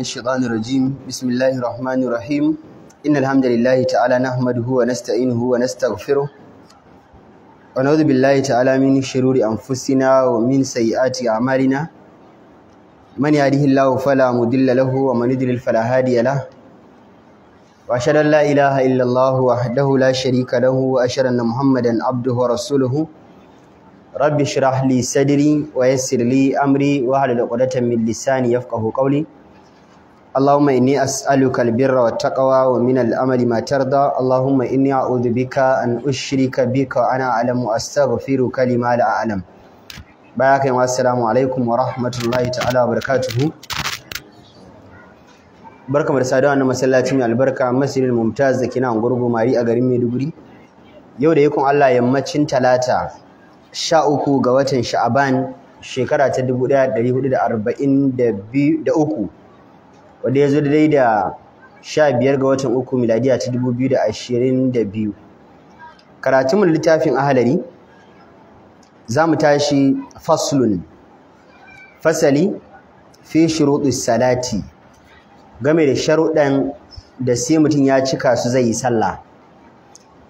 من الشيطان الرجيم بسم الله الرحمن الرحيم إن الحمد لله تعالى نحمده ونستعينه ونستغفره ونعوذ بالله تعالى من شرور أنفسنا ومن سيئات أعمالنا من يهده الله فلا مضل له ومن يضلل فلا هادي له وأشهد أن لا إله إلا الله وحده لا شريك له وأشهد أن محمدا عبده ورسوله رب اشرح لي صدري ويسر لي أمري واحلل عقدة من لساني يفقه قولي اللهم إني أسألك البر والتقوى ومن الأمل ما ترضى اللهم إني أعوذ بك أن أشرك بك أنا أعلم وأستغفرك لما لا أعلم بارك الله السلام عليكم ورحمة الله تعالى وبركاته barkamu da saduwa na masallaci mai albarka masjidil mumtaz da nan gurgu mari a garin Maiduguri yau da yakun Allah yammacin talata sha uku ga watan Sha'aban shekara ta uku. wanda ya zo dai da sha biyar ga watan uku miladiya ta dubu biyu da ashirin da biyu karatunmu littafin ahalari za mu tashi faslun fasali fi shuruɗu salati game da sharuɗan da sai mutum ya cika su zai yi sallah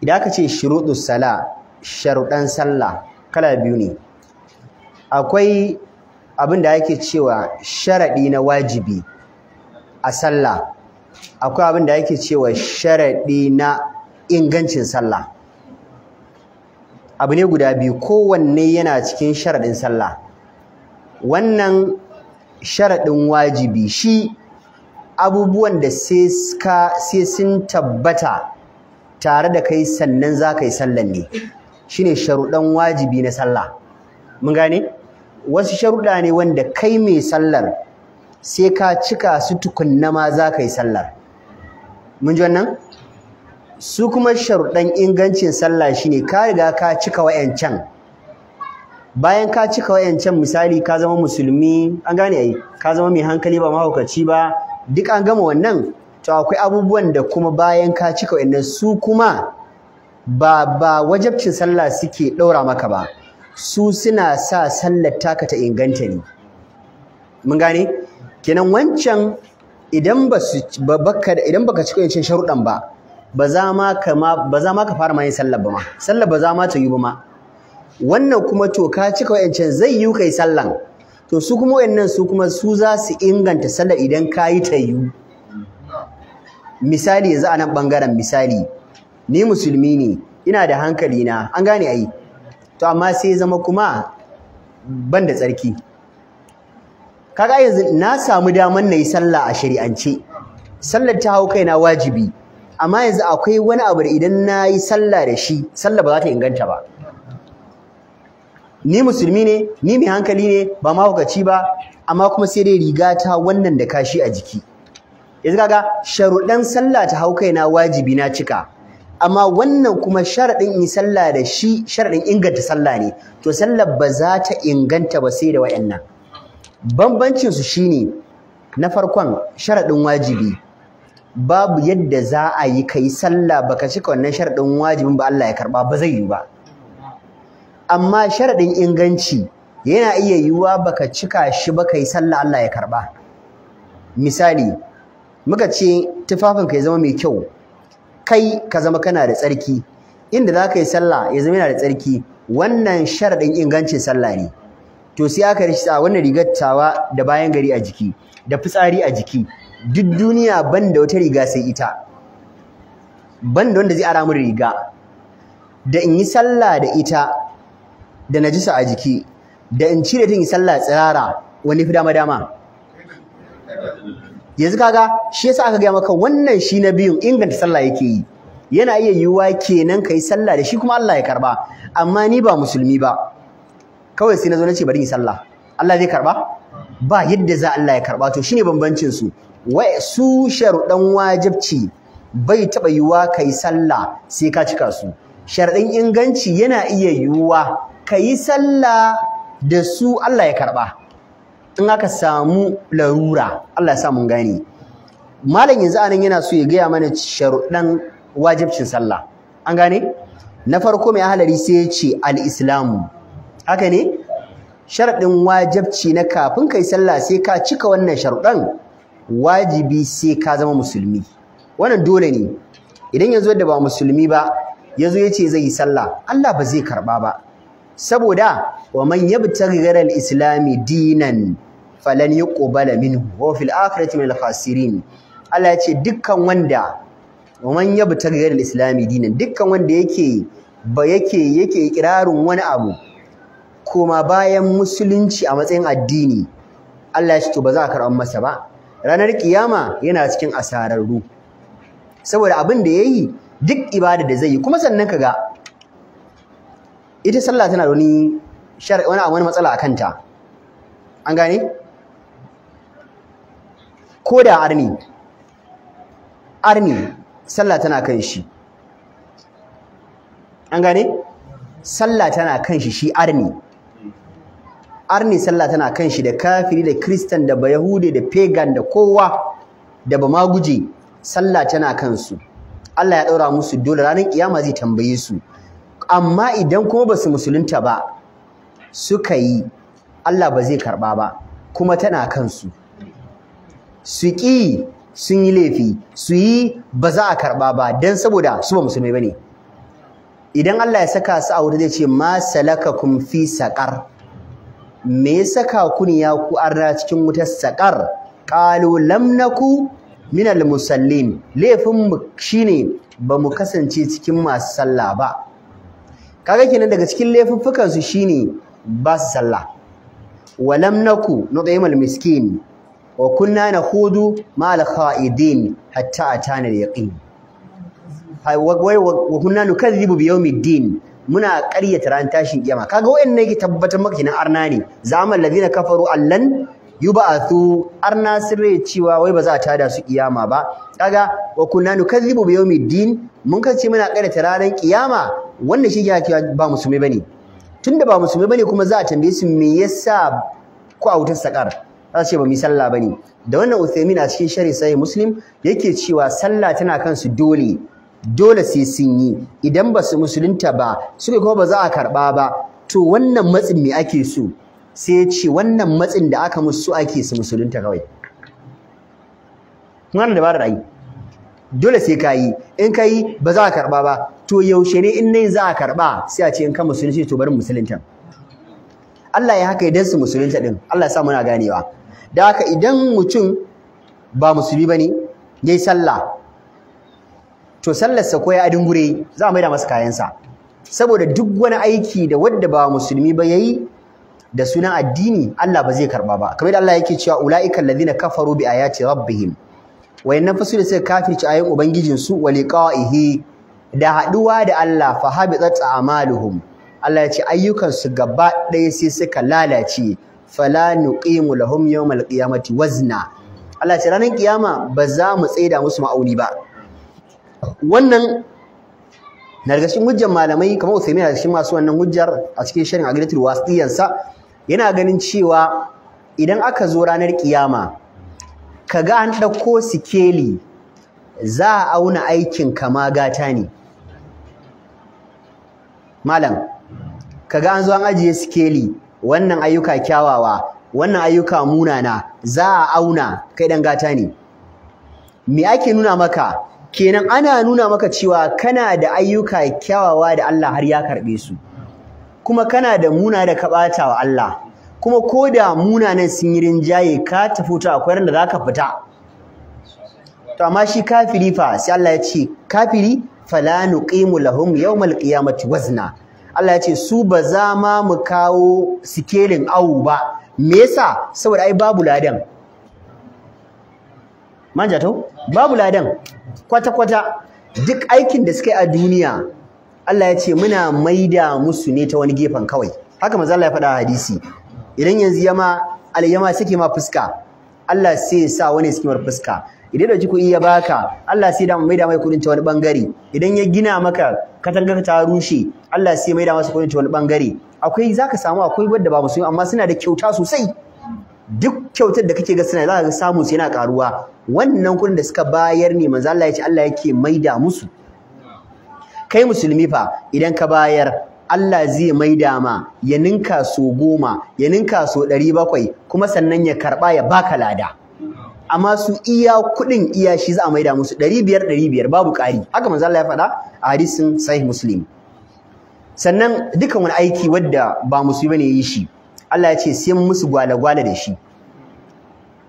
idan aka ce shuruɗu sala sharuɗan sallah kala biyu ne akwai abin da ake cewa sharaɗi na wajibi a sallah akwai abin da yake cewa sharaɗi na ingancin sallah abu ne guda biyu kowanne yana cikin sharaɗin sallah wannan sharaɗin wajibi shi abubuwan da sai sun tabbata tare da kai sannan za ka yi sallan ne shine sharuɗan wajibi na sallah mun gane wasu sharuɗa ne wanda kai mai sallar sai ka cika su tukunna ma za ka yi sallar mun ji wannan su kuma sharuɗan ingancin sallah shine ka riga ka cika wayancan bayan ka cika wayancan misali ka zama musulmi an gane ai ka zama mai hankali ba mahaukaci ba duk an gama wannan to akwai abubuwan da kuma bayan ka cika wayannan su kuma ba ba wajabcin sallah suke ɗaura maka ba su suna sa sallar taka ta inganta ne mun gane kenan wancan idan ba idan baka cika yancin sharudan ba ba za ma ka ba za ma ka fara ma yin sallar ba ma sallar ba za ma ta yi ba ma wannan kuma to ka cika wayancan zai yi kai sallan to su kuma wayannan su kuma su za su inganta sallar idan ka yi ta yi misali yanzu a nan bangaren misali ni musulmi ne ina da hankali na an gane ai to amma sai zama kuma ban da tsarki kaga yanzu na samu damar na yi sallah a shari'ance sallar ta hau kaina wajibi amma yanzu akwai wani abu da idan na yi sallah da shi sallah ba za ta inganta ba ni musulmi ne ni mai hankali ne ba mahaukaci ba amma kuma sai dai riga ta wannan da kashi a jiki yanzu kaga sharuɗan sallah ta hau kaina wajibi na cika amma wannan kuma sharaɗin yi sallah da shi sharaɗin inganta sallah ne to sallah ba za ta inganta ba sai da waɗannan. bambancin su shine na farkon sharadin wajibi babu yadda za a yi kai sallah baka cika wannan sharadin wajibin ba Allah ya karba ba zai yi ba amma sharadin inganci yana iya yiwuwa baka cika shi ba kai sallah Allah ya karba misali muka ce tufafin ka ya zama mai kyau kai ka zama kana da tsarki inda za ka yi sallah ya zama yana da tsarki wannan sharadin ingancin sallah ne to sai aka a wannan rigar tawa da bayan gari a jiki da fitsari a jiki duk duniya ban da wata riga sai ita ban da wanda zai ara min riga da in yi sallah da ita da najisa a jiki da in cire ta in yi sallah tsirara wani fi dama dama yanzu kaga shi yasa aka gaya maka wannan shi na biyun inganta sallah yake yi yana iya yiwuwa kenan ka yi sallah da shi kuma Allah ya karba amma ni ba musulmi ba kawai sai nazo nace bari yi sallah Allah zai karba ba yadda za Allah ya karba to shine bambancin su wai su sharuɗan wajibci bai taɓa yiwuwa ka sallah sai ka cika su sharadin inganci yana iya yiwuwa ka sallah da su Allah ya karɓa in aka samu larura Allah ya sa mun gane malam yanzu anan yana so ya gaya mana sharuɗan wajibcin sallah an gane na farko mai ahalari sai ya ce al-islamu haka ne sharaɗin wajabci na kafin kai sallah sai ka cika wannan sharuɗan wajibi sai ka zama musulmi wannan dole ne idan yanzu da ba musulmi ba yazo yace zai yi sallah Allah ba zai karɓa ba saboda wa man yabtaghi ghayra al-islami dinan falan yuqbala minhu wa fil akhirati minal khasirin Allah yace dukkan wanda wa man yabtaghi ghayra al-islami dinan dukkan wanda yake ba yake yake ikirarin wani abu koma bayan musulunci a matsayin addini Allah ya ce to ba za a karɓar masa ba ranar kiyama yana cikin asararru saboda abin da yayi duk ibada da zai yi kuma sannan kaga ita sallah tana da wani shar'i wani wani matsala a kanta an gane ko da arni arni sallah tana kan shi an gane sallah tana kan shi shi arni arni sallah tana kan shi da kafiri da kristan da bayahude da pagan da kowa da ba guje. sallah tana kan su. Allah ya ɗaura musu dole ranar kiyama zai tambaye su amma idan kuma basu musulunta ba suka yi Allah ba zai karba ba kuma tana kan su ƙi sun yi laifi su yi ba za a karɓa ba dan saboda su ba musulmai ne. idan Allah ya saka su a wuta zai ce ma salakakum fi saqar me ya saka ku ya ku arra cikin wutar sakar qalu lam naku al musallim laifin mu shine ba mu kasance cikin masu sallah ba kaga kenan daga cikin laifuffukan su shine ba su sallah wa lam naku al miskin wa kunna nakhudu al kha'idin hatta atana al-yaqin wai wa kunna nukadhibu bi din? muna ƙaryata ran tashin kiyama kaga wayannan yake tabbatar maka kenan arna ne zaman ladina kafaru allan yub'athu arna sirri cewa wai ba za a tada su kiyama ba kaga wa kunna nukazzibu bi din. mun kace muna ƙaryata ranar kiyama wannan shi yake ba musulmi bane tunda ba musulmi bane kuma za a tambaye su me yasa ku a wutar sakar za su ce ba mu yi sallah bane da wannan Uthaymin a cikin shari'a sai Muslim yake cewa sallah tana kansu dole dole sai sun yi idan ba su musulunta ba suka kuma ba za a karɓa ba to wannan matsin me ake so sai ya ce wannan matsin da aka musu ake su musulunta kawai wannan da ba da ra'ayi dole sai ka yi in ka yi ba za a karɓa ba to yaushe ne in nai za a karɓa sai a ce in ka musulunci to bari musulunta Allah ya haka idan su musulunta din Allah ya sa muna ganewa da haka idan mutum ba musulmi bane yayi sallah to sallarsa ko ya adin gure za a maida masa kayansa saboda duk wani aiki da wanda ba musulmi ba yayi da sunan addini Allah ba zai karba ba kamar Allah yake cewa ulaiikal ladina kafaru bi ayati rabbihim wayannan fasu da suka kafirci ayin ubangijin su wa liqa'ihi da haduwa da Allah fa habitat a'maluhum Allah ya ayyukan su gaba ɗaya sai suka lalace fala nuqimu lahum yawmal qiyamati wazna Allah ya ce ranar kiyama ba za mu tsaida musu ma'auni ba wannan na daga hujjar malamai kamar Uthaymeen da cikin masu wannan hujjar a cikin sharin wasu iyansa, yana ganin cewa idan aka zo ranar kiyama kaga an ɗauko sikeli za a auna aikin kama gata ne malam kaga an zo an ajiye sikeli wannan ayyuka kyawawa wannan ayyuka munana za a auna kai dan gata ne me ake nuna maka kenan ana nuna maka cewa kana da ayyuka kyawawa da Allah har ya karɓe su kuma kana da muna da kaɓata wa Allah kuma ko da munanan sun yi rinjaye ka tafi ta akwai ran za ka fita to amma shi kafiri fa sai Allah ya ce kafiri fala nuqimu lahum yawmal qiyamati wazna Allah ya ce su ba za ma mu kawo sikelin awu ba me yasa saboda ai babu ladan manja to babu ladan kwata kwata duk aikin da suka yi a duniya Allah ya ce muna maida musu ne ta wani gefen kawai haka manzo Allah ya faɗa a hadisi idan yanzu yama alyama suke ma fuska Allah sai ya sa wani suke fuska idan da kuɗi ya baka Allah sai ya mai da mai kuɗin ta wani bangare idan ya gina maka katanga ta rushe Allah sai mai da masa kuɗin ta wani bangare akwai zaka samu akwai wanda ba musulmi amma suna da kyauta sosai duk kyautar da kake ga suna za ka samu su yana karuwa wannan kuɗin da suka bayar ne manzo Allah ya ce Allah yake maida musu kai musulmi fa idan ka bayar Allah zai maida ma ya ninka so goma ya ninka so ɗari bakwai kuma sannan ya karɓa ya baka lada amma su iya kuɗin iya shi za a maida musu ɗari biyar ɗari biyar babu ƙari haka manzo Allah ya faɗa a hadisin sahih muslim sannan dukan wani aiki wadda ba musulmi ne yi shi Allah ya ce sai musu gwale-gwale da shi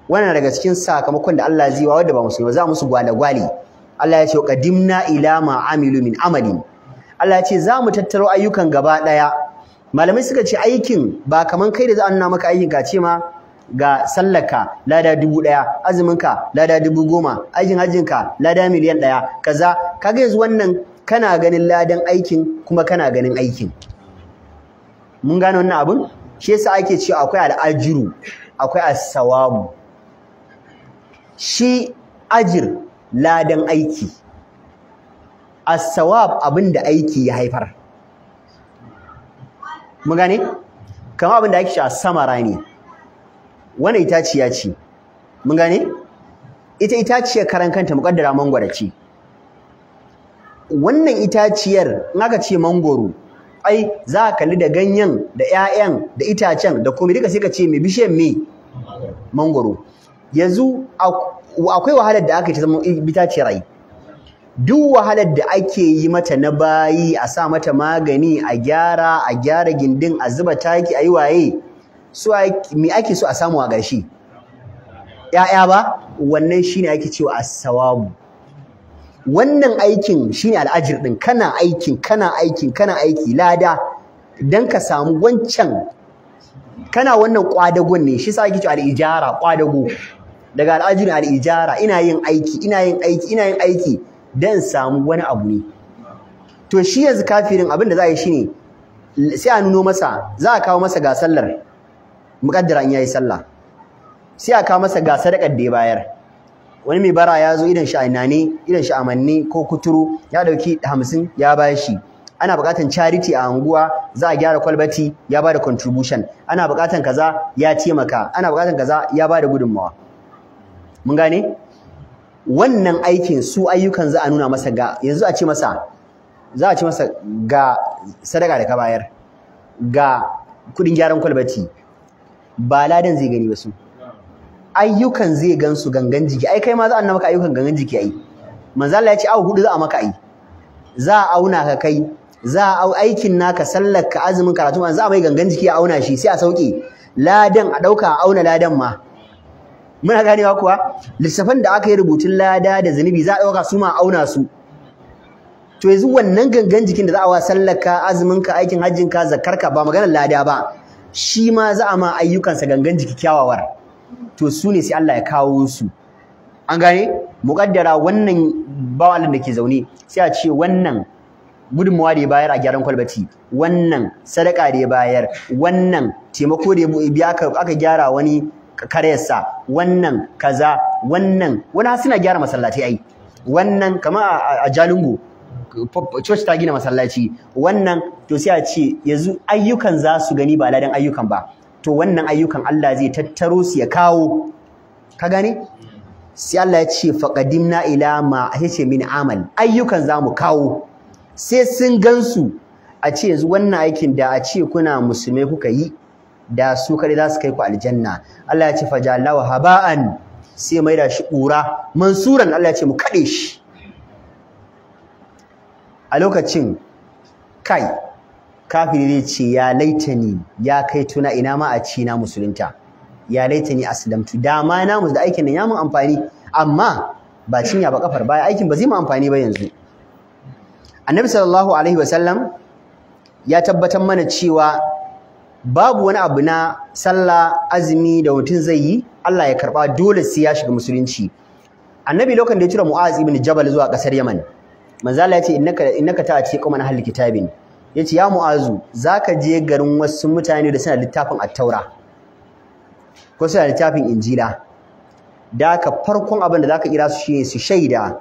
wannan daga cikin sakamakon da Allah zai wa wanda ba musulmi ba za musu gwale-gwale Allah ya ce qadimna ila ma amilu min amalin Allah ya ce za mu tattaro ayyukan gaba daya malamai suka ce aikin ba kaman kai da za a nuna maka aikin ka ce ma ga sallaka lada dubu daya azuminka lada dubu goma aikin ka lada miliyan daya kaza kaga yanzu wannan kana ganin ladan aikin kuma kana ganin aikin mun gane wannan abun shi yasa ake cewa akwai al'ajiru akwai as-sawamu shi ajir ladan aiki as-sawab abin da aiki ya haifar mun gane kamar abin da ake cewa samara ne wannan itaciya ce mun gane ita itaciyar karan kanta muƙaddara mangwara ce wannan itaciyar in aka ce mangoro ai za ka kalli da ganyen da 'ya'yan da itacen da komai duka sai ka ce me bishiyar me mangoro yanzu akwai wahalar da aka yi ta zama ce rai. duk wahalar da ake yi mata na bayi a sa mata magani a gyara a gyara gindin a zuba taki a yi waye su me ake so a samu a gashi ya'ya ba wannan shine ake cewa as-sawabu wannan aikin shine al'ajir din kana aikin kana aikin kana aiki lada dan ka samu wancan kana wannan kwadagon ne shi sa ake cewa al'ijara kwadago daga al'ajir al'ijara ina yin aiki ina yin aiki ina yin aiki dan samu wani abu ne to shi yanzu kafirin abin da za a yi shine sai a nuno masa za a kawo masa ga sallar muƙaddara in yayi sallah sai a kawo masa ga sadakar da ya bayar wani mai bara ya zo idan shi a idan shi a ko kuturu ya dauki hamsin ya bashi ana buƙatan charity a anguwa za a gyara kwalbati ya bada contribution ana buƙatan kaza ya taimaka ana buƙatan kaza ya bada gudunmawa mun gane wannan aikin su ayyukan za a nuna masa ga yanzu a ce masa za a ce masa ga sadaka da ka bayar ga kudin gyaran kwalbati ba ladan zai gani ba su ayyukan zai gansu gangan jiki ai kai ma za a maka ayyukan gangan jiki ai manzo ya ce awu hudu za a maka ai za a auna ka kai za a aikin naka sallar ka azumin karatu ma za a mai gangan jiki a auna shi sai a sauke ladan a dauka a auna ladan ma muna ganewa kuwa lissafan da aka yi rubutun lada da zunubi za a dauka su ma auna su to yanzu wannan gangan jikin da za a wa sallar ka azumin ka aikin hajjin ka zakkar ka ba maganar lada ba shi ma za a ma ayyukansa gangan jiki kyawawar to su ne sai Allah ya kawo su an gane mukaddara wannan bawan da ke zaune sai a ce wannan gudunmuwa da ya bayar a gyaran kwalbati wannan sadaka da ya bayar wannan taimako da ya biya aka gyara wani karyarsa wannan kaza wannan wani suna gyara masallaci ai wannan kama a Jalingo church ta gina masallaci wannan to sai a ce yanzu ayyukan za su gani ba ladan ayyukan ba to wannan ayyukan Allah zai tattaro su ya kawo ka gane sai Allah ya ce faqadimna ila ma yace min amal ayyukan zamu kawo sai sun gansu a ce yanzu wannan aikin da a ce kuna musulmai kuka yi da su kare za su kai ku aljanna Allah ya ce fajalawa haba'an sai mai da shi ƙura mansuran Allah ya ce mu kaɗe shi a lokacin kai kafiri zai ce ya laitani ya kai tuna ina ma a ci na musulunta ya laitani aslamtu dama na musu da aikin nan ya mun amfani amma ba cinya ba kafar baya aikin ba zai mu amfani ba yanzu annabi sallallahu alaihi wasallam ya tabbatar mana cewa babu wani abu na sallah azumi da mutum zai yi Allah ya karba dole sai ya shiga musulunci annabi lokacin da ya tura mu'az ibn jabal zuwa kasar yaman manzo Allah ya ce innaka innaka kuma na ahli kitabin ya ce ya mu'azu za ka je garin wasu mutane da suna littafin attaura ko suna littafin injila da ka farkon abin da za ka kira su shi su shaida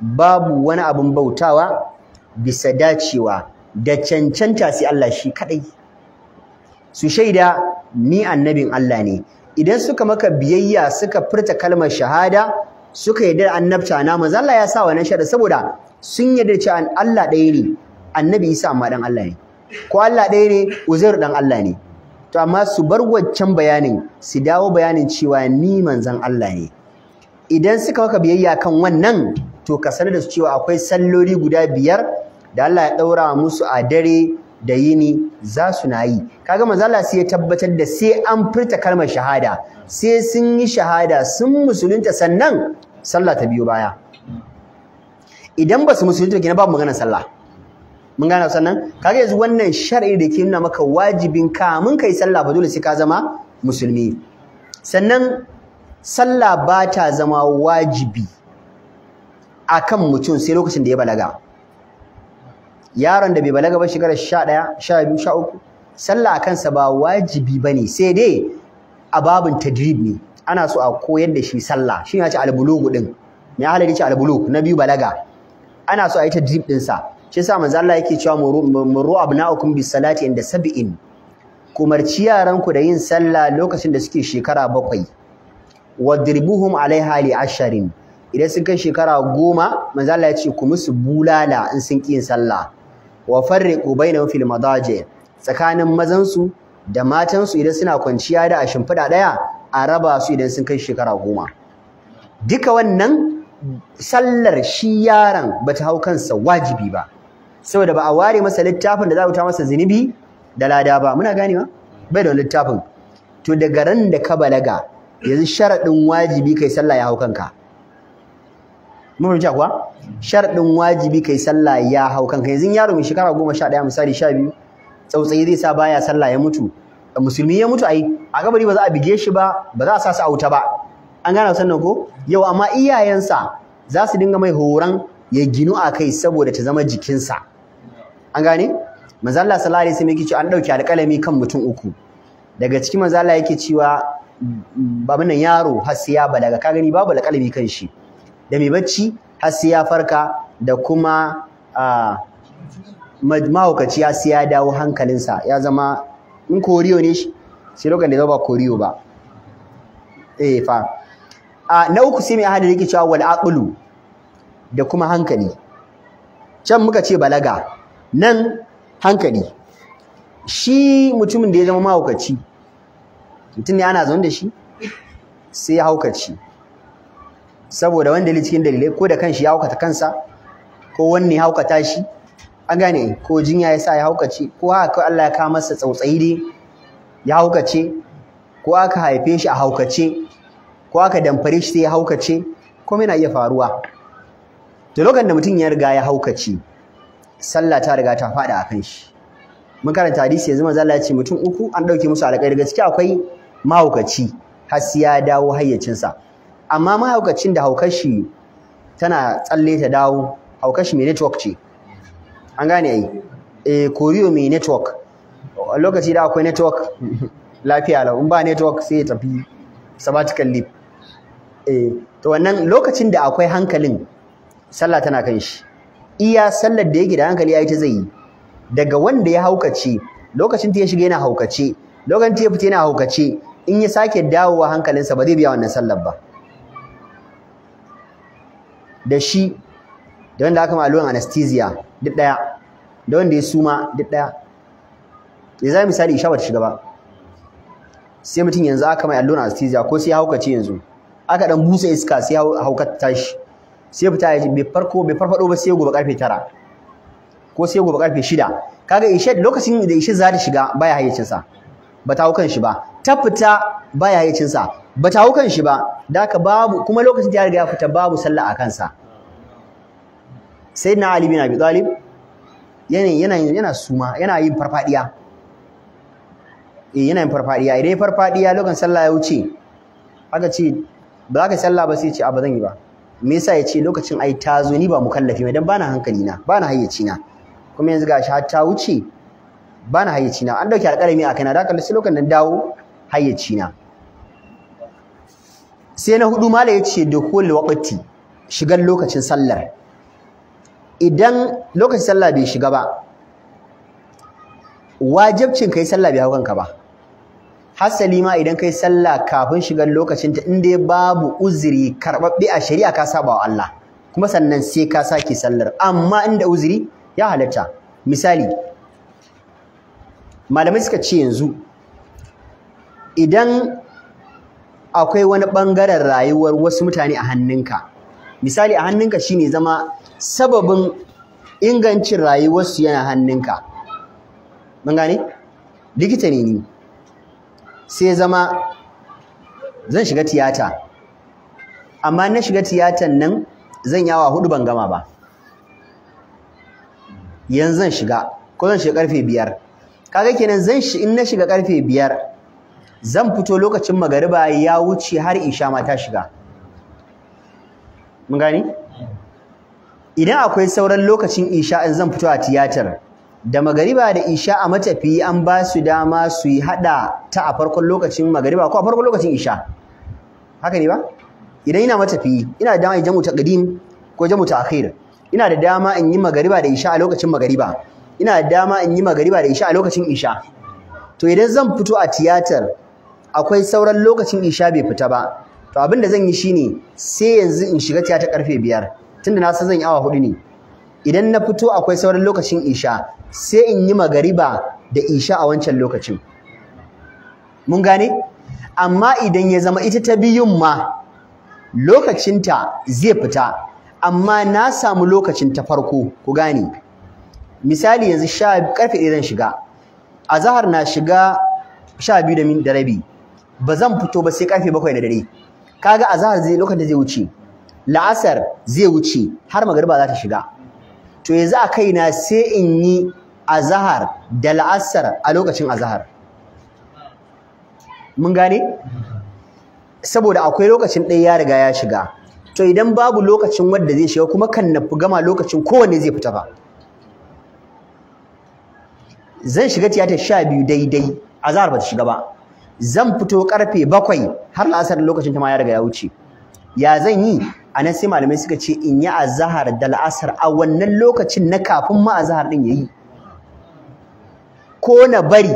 babu wani abin bautawa bisa dacewa da cancanta sai Allah shi kadai su shaida ni annabin Allah ne idan suka maka biyayya suka furta kalmar shahada suka yarda annabta na manzo ya sa wannan shaida saboda sun yarda cewa Allah ɗaya ne annabi Isa amma dan Allah ne ko Allah ɗaya ne Uzair dan Allah ne to amma su bar waccan bayanin su dawo bayanin cewa ni manzon Allah ne idan suka waka biyayya kan wannan to ka sanar da su cewa akwai sallori guda biyar da Allah ya ɗaura musu a dare da yini za su na yi kaga manzo Allah sai ya tabbatar da sai an furta kalmar shahada sai sun yi shahada sun musulunta sannan sallah ta biyo baya idan ba su musulunta kenan babu maganar sallah mun gane sannan kage yanzu wannan shar'i da ke nuna maka wajibin ka mun kai sallah ba dole sai ka zama musulmi sannan sallah ba ta zama wajibi akan mutum sai lokacin da ya balaga yaron da bai balaga ba shekara 11 12 13 sallah kansa ba wajibi bane sai dai a babin tadrib ne ana so a koyar da shi sallah shi ya ce albulugu din me ya halaye ce albulugu na biyu balaga ana so a yi tadrib din sa shi yasa manzo Allah yake cewa muru abna'ukum bis salati inda sab'in kumarci yaran ku da yin sallah lokacin da suke shekara bakwai wadribuhum alaiha li asharin idan sun kai shekara goma manzo Allah ya ce ku musu bulala in sun ki yin sallah wa farriqu bainahum fil madaji tsakanin mazan su da matan su idan suna kwanciya da a shimfiɗa ɗaya a raba su idan sun kai shekara goma duka wannan sallar shi yaran bata hau kansa wajibi ba saboda ba a ware masa littafin da za a masa zunubi da lada ba muna ba bai da littafin to daga ran da ka balaga yanzu sharaɗin wajibi kai sallah ya hau kanka mun fahimci kuwa sharaɗin wajibi kai sallah ya hau kanka yanzu yaro mai shekara goma sha ɗaya misali sha biyu tsautsayi zai sa baya sallah ya mutu musulmi ya mutu ai a kabari ba za a bige shi ba ba za a sa su a wuta ba an gane sannan ko yau amma iyayensa za su dinga mai horon ya ginu a kai saboda ta zama jikinsa an gane Mazalla Allah sallallahu alaihi yake cewa an dauki alƙalami kan mutum uku daga cikin mazalla yake cewa babun nan yaro har sai ya balaga ka gani babu alƙalami kan shi da mai bacci har sai ya farka da kuma mahaukaci ya sai ya dawo hankalinsa ya zama in koriyo ne shi sai lokacin da zama ba koriyo ba eh fa na uku sai mai ahadi yake cewa wal aqlu da kuma hankali can muka ce balaga nan hankali shi mutumin da ya zama mahaukaci mutum ne ana zaune da shi sai ya haukaci saboda wanda ya cikin dalilai ko da kanshi ya haukata kansa ko wanne ya haukata shi an gane ko jinya ya sa ya haukace ko haka Allah ya kawo masa tsautsayi dai ya haukace ko aka haife shi a haukace ko aka damfare shi sai ya haukace mai na iya faruwa to lokacin da mutum ya riga ya haukaci, sallah ta riga ta fada akan shi mun karanta hadisi yanzu manzo Allah ya ce mutum uku an dauke musu alƙai daga ciki akwai mahaukaci har sai ya dawo hayyacinsa amma mahaukacin da haukar shi tana tsalle ta dawo haukar shi mai network ce an gane ai eh koriyo mai network lokaci da akwai network lafiya lau in ba network sai ya tafi sabatical leave eh to wannan lokacin da akwai hankalin sallah tana kan shi iya sallar da yake da hankali yayi ta zai yi daga wanda ya haukace lokacin ta ya shiga yana haukace lokacin ta ya fita yana haukace in ya sake dawowa hankalinsa ba zai biya wannan sallar ba da shi da wanda aka maluwan anesthesia duk daya da wanda ya suma duk daya ya zai misali isha bata shiga ba sai mutum yanzu aka mai allon anesthesia ko sai ya haukace yanzu aka dan busa iska sai haukata tashi sai fita ya bai farko bai farfado ba sai gobe karfe 9 ko sai gobe karfe 6 kaga ishe lokacin da ishe za ta shiga baya hayyacin sa ba ta hukan shi ba ta fita baya hayyacin sa ba ta hukan shi ba da babu kuma lokacin da ya riga ya fita babu sallah a kansa sayyidina ali bin abi talib yana yana yana suma yana yin farfadiya eh yana yin farfadiya idan farfadiya lokacin sallah ya wuce aka ce ba za ka sallah ba sai ce a ba zan yi ba me yasa ya ce lokacin ai ta zo ni ba mukallafi mai dan bana hankali na bana hayyaci na kuma yanzu gashi har ta wuce bana hayyaci na an dauki alƙalami a kaina da haka sai lokacin nan dawo hayyaci na sai na hudu mala ya ce dukul waqti shigan lokacin sallar idan lokacin sallah bai shiga ba wajibcin kai sallah bai hau kanka ba hasali ma idan kai sallah kafin shigar lokacin ta in dai babu uzuri karɓaɓɓe a shari'a ka saba wa Allah kuma sannan sai ka sake sallar amma inda uzuri ya halatta misali malamai suka ce yanzu idan akwai wani ɓangaren rayuwar wasu mutane a hannunka misali a hannunka shine zama sababin ingancin rayuwarsu yana hannunka mun gane likita ne ni sai zama zan shiga tiyata amma na shiga tiyatan nan zan yawa hudu ban gama ba yanzu zan shiga ko zan shiga karfe biyar kaga kenan zan shi in na shiga karfe biyar zan fito lokacin magariba ya wuce har isha ma ta shiga mun gani idan akwai sauran lokacin isha in zan fito a tiyatar da magariba da isha a matafi an ba su dama su yi hada ta a farkon lokacin magariba ko a farkon lokacin isha haka ne ba idan ina matafi, ina da dama in jamu ta taqdim ko jamu ta akhir ina da dama in yi magariba da isha a lokacin magariba ina da dama in yi magariba da isha a lokacin isha to idan zan fito a tiyatar akwai sauran lokacin isha bai fita ba to abin da zan yi shine sai yanzu in shiga tiyatar karfe biyar tunda na san zan yi awa hudu ne idan na fito akwai sauran lokacin isha sai in yi magariba da isha a wancan lokacin mun gane amma idan ya zama ita ta biyun ma lokacinta zai fita amma na samu lokacin ta farko ku gane misali yanzu sha karfe ɗaya zan shiga azahar na shiga sha biyu da min da rabi ba zan fito ba sai karfe bakwai da dare kaga azahar zai lokacin zai wuce la'asar zai wuce har magariba za ta shiga to yanzu a kaina sai in yi azahar da la'asar a lokacin azahar mun gane saboda akwai lokacin ɗaya ya riga ya shiga to idan babu lokacin wanda zai shiga kuma kan na gama lokacin kowanne zai fita ba zan shiga tiyata sha biyu daidai azahar ba ta shiga ba zan fito karfe bakwai har la'asar lokacin ta ma ya riga ya wuce ya zan yi Ana sai malamai suka ce in yi azahar da la'asar a wannan lokacin na kafin ma azahar din yayi ko na bari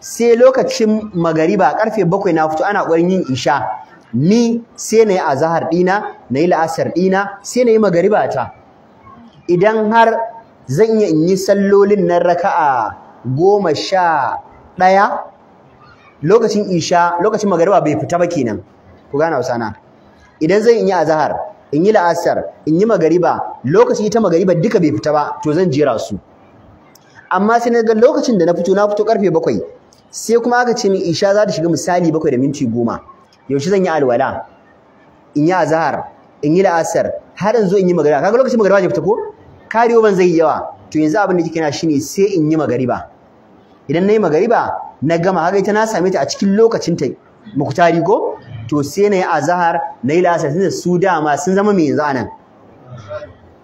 sai lokacin magariba karfe bakwai na fito ana ƙoƙarin yin isha ni sai na yi azahar ɗina na yi la'asar ɗina sai na yi magariba ta idan har zan iya in yi sallolin na raka'a goma sha ɗaya lokacin isha lokacin magariba bai fita ba kenan ku gane hausana idan zan yi azahar in yi la'asar in yi magariba lokacin ita magariba duka bai fita ba to zan jera su amma sai na ga lokacin da na fito na fito karfe bakwai sai kuma aka ce min isha za ta shiga misali bakwai da minti goma yaushe zan yi alwala in yi azahar in yi la'asar har zo in yi magariba kaga lokacin magariba ne fita ko kariyo ban zai yawa to yanzu abin da kike na shine sai in yi magariba idan na yi magariba na gama haka ita na same ta a cikin lokacin ta mukutari ko to sai na yi azahar na yi la'asar sun su dama sun zama mai yanzu anan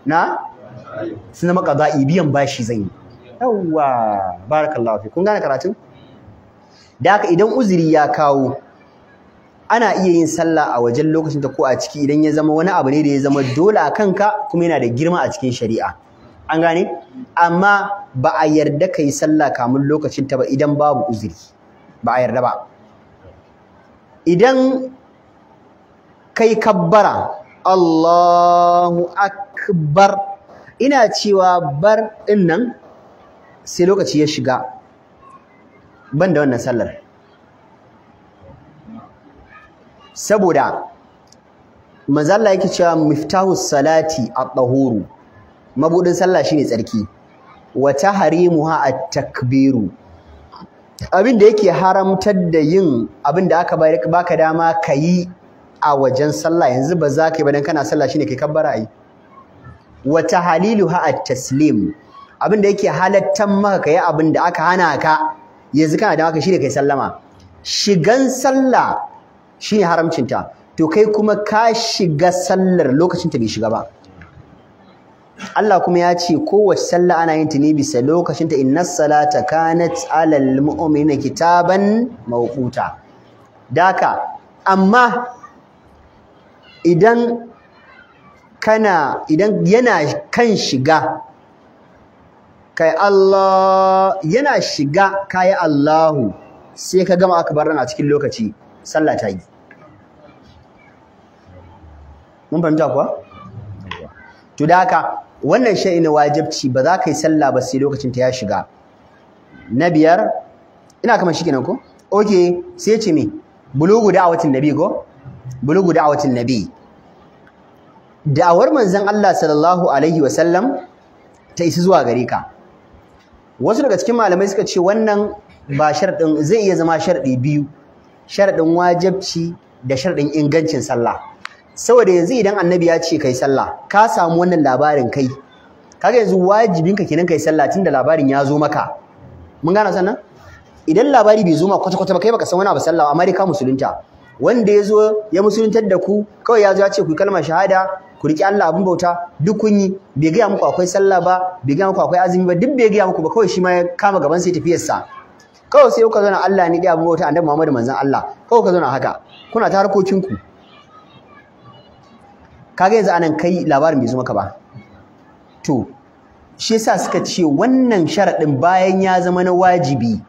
na sun zama qada'i biyan bashi zan yi yawwa barakallahu fi kun gane karatun da idan uzuri ya kawo ana iya yin sallah a wajen lokacin ta ko a ciki idan ya zama wani abu ne da ya zama dole a kanka kuma yana da girma a cikin shari'a an gane amma ba a yarda kai sallah kamun lokacin ta ba idan babu uzuri ba a yarda ba idan kai kabbara Allahu akbar ina cewa bar din nan sai lokaci ya shiga ban da wannan sallar saboda mazalla yake cewa miftahu salati a tahuru mabudin sallah shine tsarki wa tahrimuha a takbiru abin da yake haramtar da yin abin da aka baka dama ka yi a wajen sallah yanzu ba za ka yi ba dan kana sallah shine kai kabbara Wata halilu ha at taslim abin da yake halattan maka kai abin da aka hana ka yanzu kana da haka shine kai sallama shigan sallah shine haramcinta to kai kuma ka shiga sallar lokacinta bai shiga ba Allah kuma ya ce kowace sallah ana yin ta ne bisa lokacinta inna salata kanat alal mu'minina kitaban mawquta daka amma idan kana idan yana kan shiga kai Allah yana shiga kai Allahu sai ka gama aka akbaran a cikin lokaci sallah ta yi mun fahimta kuwa to daka wannan shay'i na wajibci ba za ka yi sallah ba sai lokacin ta ya shiga na biyar ina kamar shi kenan ko okay sai ce me bulugu da'awatin nabi ko bulugu da'awatin nabi da'awar manzon Allah sallallahu alaihi wa sallam ta isa zuwa gare ka wasu daga cikin malamai suka ce wannan ba sharɗin zai iya zama sharɗi biyu sharɗin wajibci da sharɗin ingancin sallah saboda yanzu idan annabi ya ce kai sallah ka samu wannan labarin kai kaga yanzu wajibin ka kenan kai sallah tunda labarin ya zo maka mun gane sannan idan labari bai zo maka kwata kwata ba kai baka san wani abu sallah amma dai ka musulunta wanda ya zo ya musuluntar da ku kawai ya zo ya ce ku kalmar shahada ku riƙe Allah abin bauta duk kun yi bai gaya muku akwai sallah ba bai gaya muku akwai azumi ba duk bai gaya muku ba kawai shi ma ya kama gaban sai tafiyarsa kawai sai kuka zauna Allah ne abin bauta annabi Muhammadu manzon Allah kawai kuka zauna haka kuna ta harkokin ku kaga yanzu anan kai labarin bai zo maka ba to shi yasa suka ce wannan sharaɗin bayan ya zama na wajibi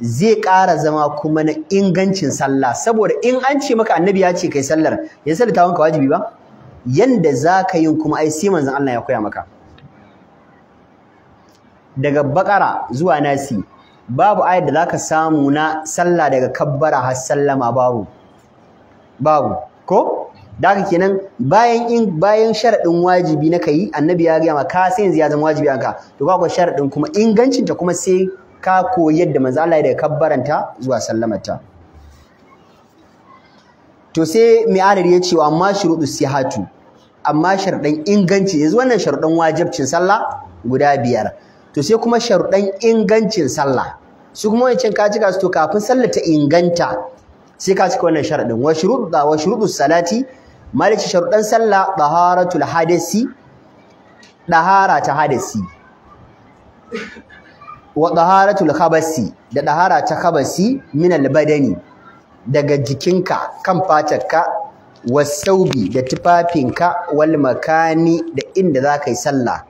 zai ƙara zama kuma na ingancin sallah saboda in an ce maka annabi ya ce kai sallar ya sallar ta wanka wajibi ba yanda za ka yin kuma ai sai manzon Allah ya koya maka daga bakara zuwa nasi babu ayar da za ka samu na sallah daga kabbara har sallama babu babu ko da haka kenan bayan in bayan sharadin wajibi na kai annabi ya ga ma ka sai yanzu ya zama wajibi anka to kaga sharadin kuma ingancin ta kuma sai ka koyi yadda manzo Allah ya kabbaranta zuwa sallamarta to sai mai adari ya ce amma shurudu sihatu amma sharadin inganci yanzu wannan sharadin wajibcin sallah guda biyar to sai kuma sharadin ingancin sallah su kuma wancan ka cika su to kafin sallah ta inganta sai ka cika wannan sharadin wa shuruɗu wa shurudu salati malici sharuɗan sallah taharatul dahara ta hadasi wa taharatul khabasi da dahara ta khabasi min albadani daga jikinka kan fatarka wasaubi da tufafinka wal makani da inda za ka yi sallah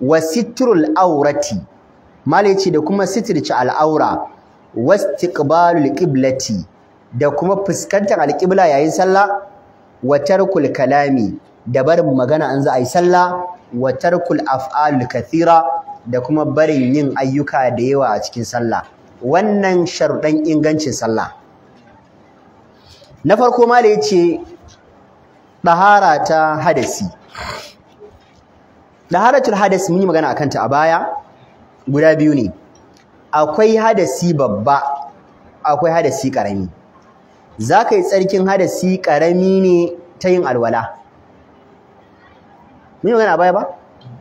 wasitrul aurati malici da kuma sitirci al'aura wastiqbalul qiblati da kuma fuskantar alƙibla yayin sallah wa tarkul kalami da barin magana an za a yi sallah wa tarkul af'alul kathira da kuma barin yin ayyuka da yawa a cikin sallah wannan sharuɗan ingancin sallah na farko ma da yace ɗahara ta hadasi daharatul hadasi mun yi magana akan ta a baya guda biyu ne akwai hadasi babba akwai hadasi ƙarami za ka yi tsarkin hadasi ƙarami ne ta yin alwala mun yi magana baya ba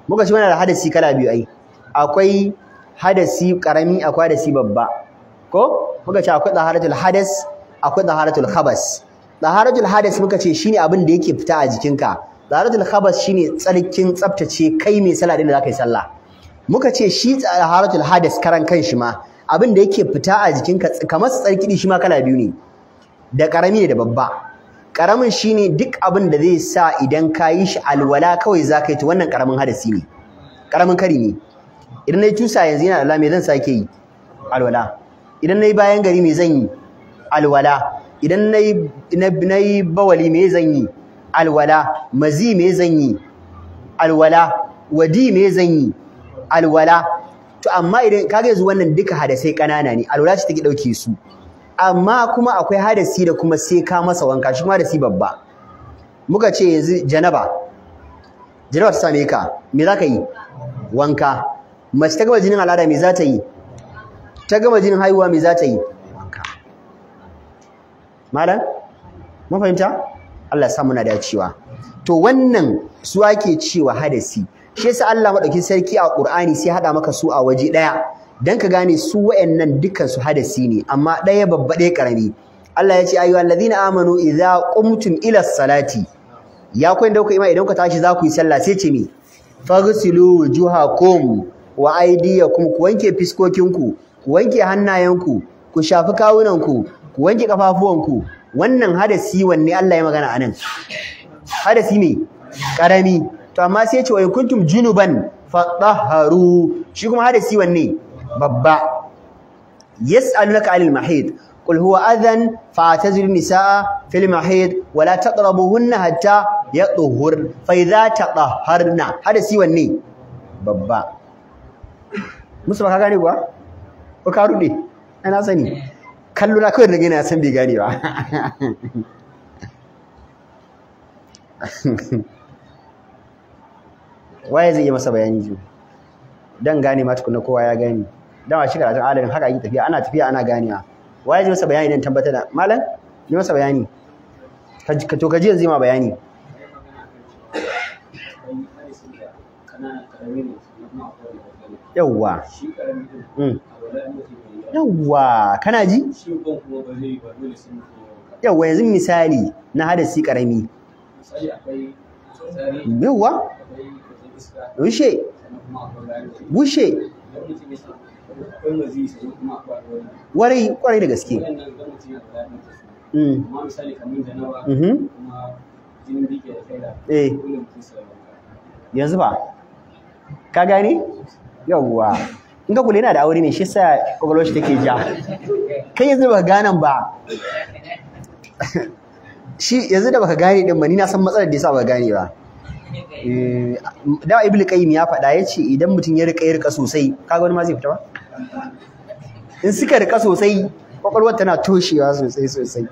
muka shi mana da hadasi kala biyu ai akwai hadasi ƙarami akwai hadasi babba ko muka ce akwai taharatul hadas akwai taharatul khabas taharatul hadas muka ce shi ne abin da yake fita a jikinka taharatul khabas ne tsarkin tsaftace kai mai sallah ɗin da ka yi sallah muka ce shi taharatul hadas karan shi ma abin da yake fita a jikinka kamar tsarki shi ma kala biyu ne da karami da babba ƙaramin shine duk abin da zai sa idan ka yi shi alwala kawai za ka yi ta wannan ƙaramin hadasi ne Ƙaramin kari ne idan na yi cusa yanzu yana da me zan sake yi alwala idan na yi bayan gari mai zan yi alwala idan na yi bawali mai zan yi alwala mazi me zan yi alwala wadi mai zan yi alwala to amma idan kaga yanzu wannan duka hadasai ƙanana ne alwala ce take ɗauke su amma kuma akwai hadasi da kuma sai ka masa wanka shi kuma hadasi babba muka ce yanzu janaba janaba ta same ka me za ka yi wanka mace ta gama jinin al'ada me za ta yi ta gama jinin haihuwa me za ta yi wanka malam mun fahimta Allah ya sa muna dacewa to wannan su ake cewa hadasi shi yasa Allah madaukin sarki a Qur'ani sai hada maka su a waje daya dan ka gane su wayannan dukkan su hadasi ne amma ɗaya babba ɗaya ƙarami Allah ya ce ayyuhal ladina amanu idza qumtum ila salati ya koyin da kuka ima idan ku tashi za ku yi sallah sai ce me faghsilu wujuhakum wa aydiyakum ku wanke fiskokinku ku wanke hannayenku ku shafi kawunanku ku wanke kafafuwanku wannan hadasi wanne Allah ya magana anan hadasi ne karami to amma sai ce wa kuntum junuban fatahharu shi kuma hadasi wanne babba yas'alunaka 'anil mahid قل هو أذن فاعتزلوا النساء في المحيض ولا hatta حتى يطهرن فإذا تطهرن هذا سي wanne babba musu ba ka gane kuwa ko ka rude ana sani kallo na kawai gina san bai gane ba waye zai yi masa bayani ju dan gane ma tukunna kowa ya gane dawa shi karatun alamin haka yi tafiya ana tafiya ana ganewa waye ji masa bayani dan tabbatar da malam yi masa bayani ka to ji yanzu ma bayani yawwa hmm. yawwa kana ji yawwa yanzu misali na hadasi karami yawwa bushe bushe warai kwarai da gaske mm. mm-hmm. eh. yanzu ba ka gane yawwa in ka kula yana da aure ne shi sa ƙwaƙwalwar shi take ja kai yanzu ba ganan ba shi yanzu da baka gane din ba ni na san matsalar da yasa ba gane ba eh, da ibnu qayyim ya faɗa yace idan mutum ya rika ya sosai kaga wani ma zai fita ba in suka rika sosai kwakwalwar tana toshewa sosai sosai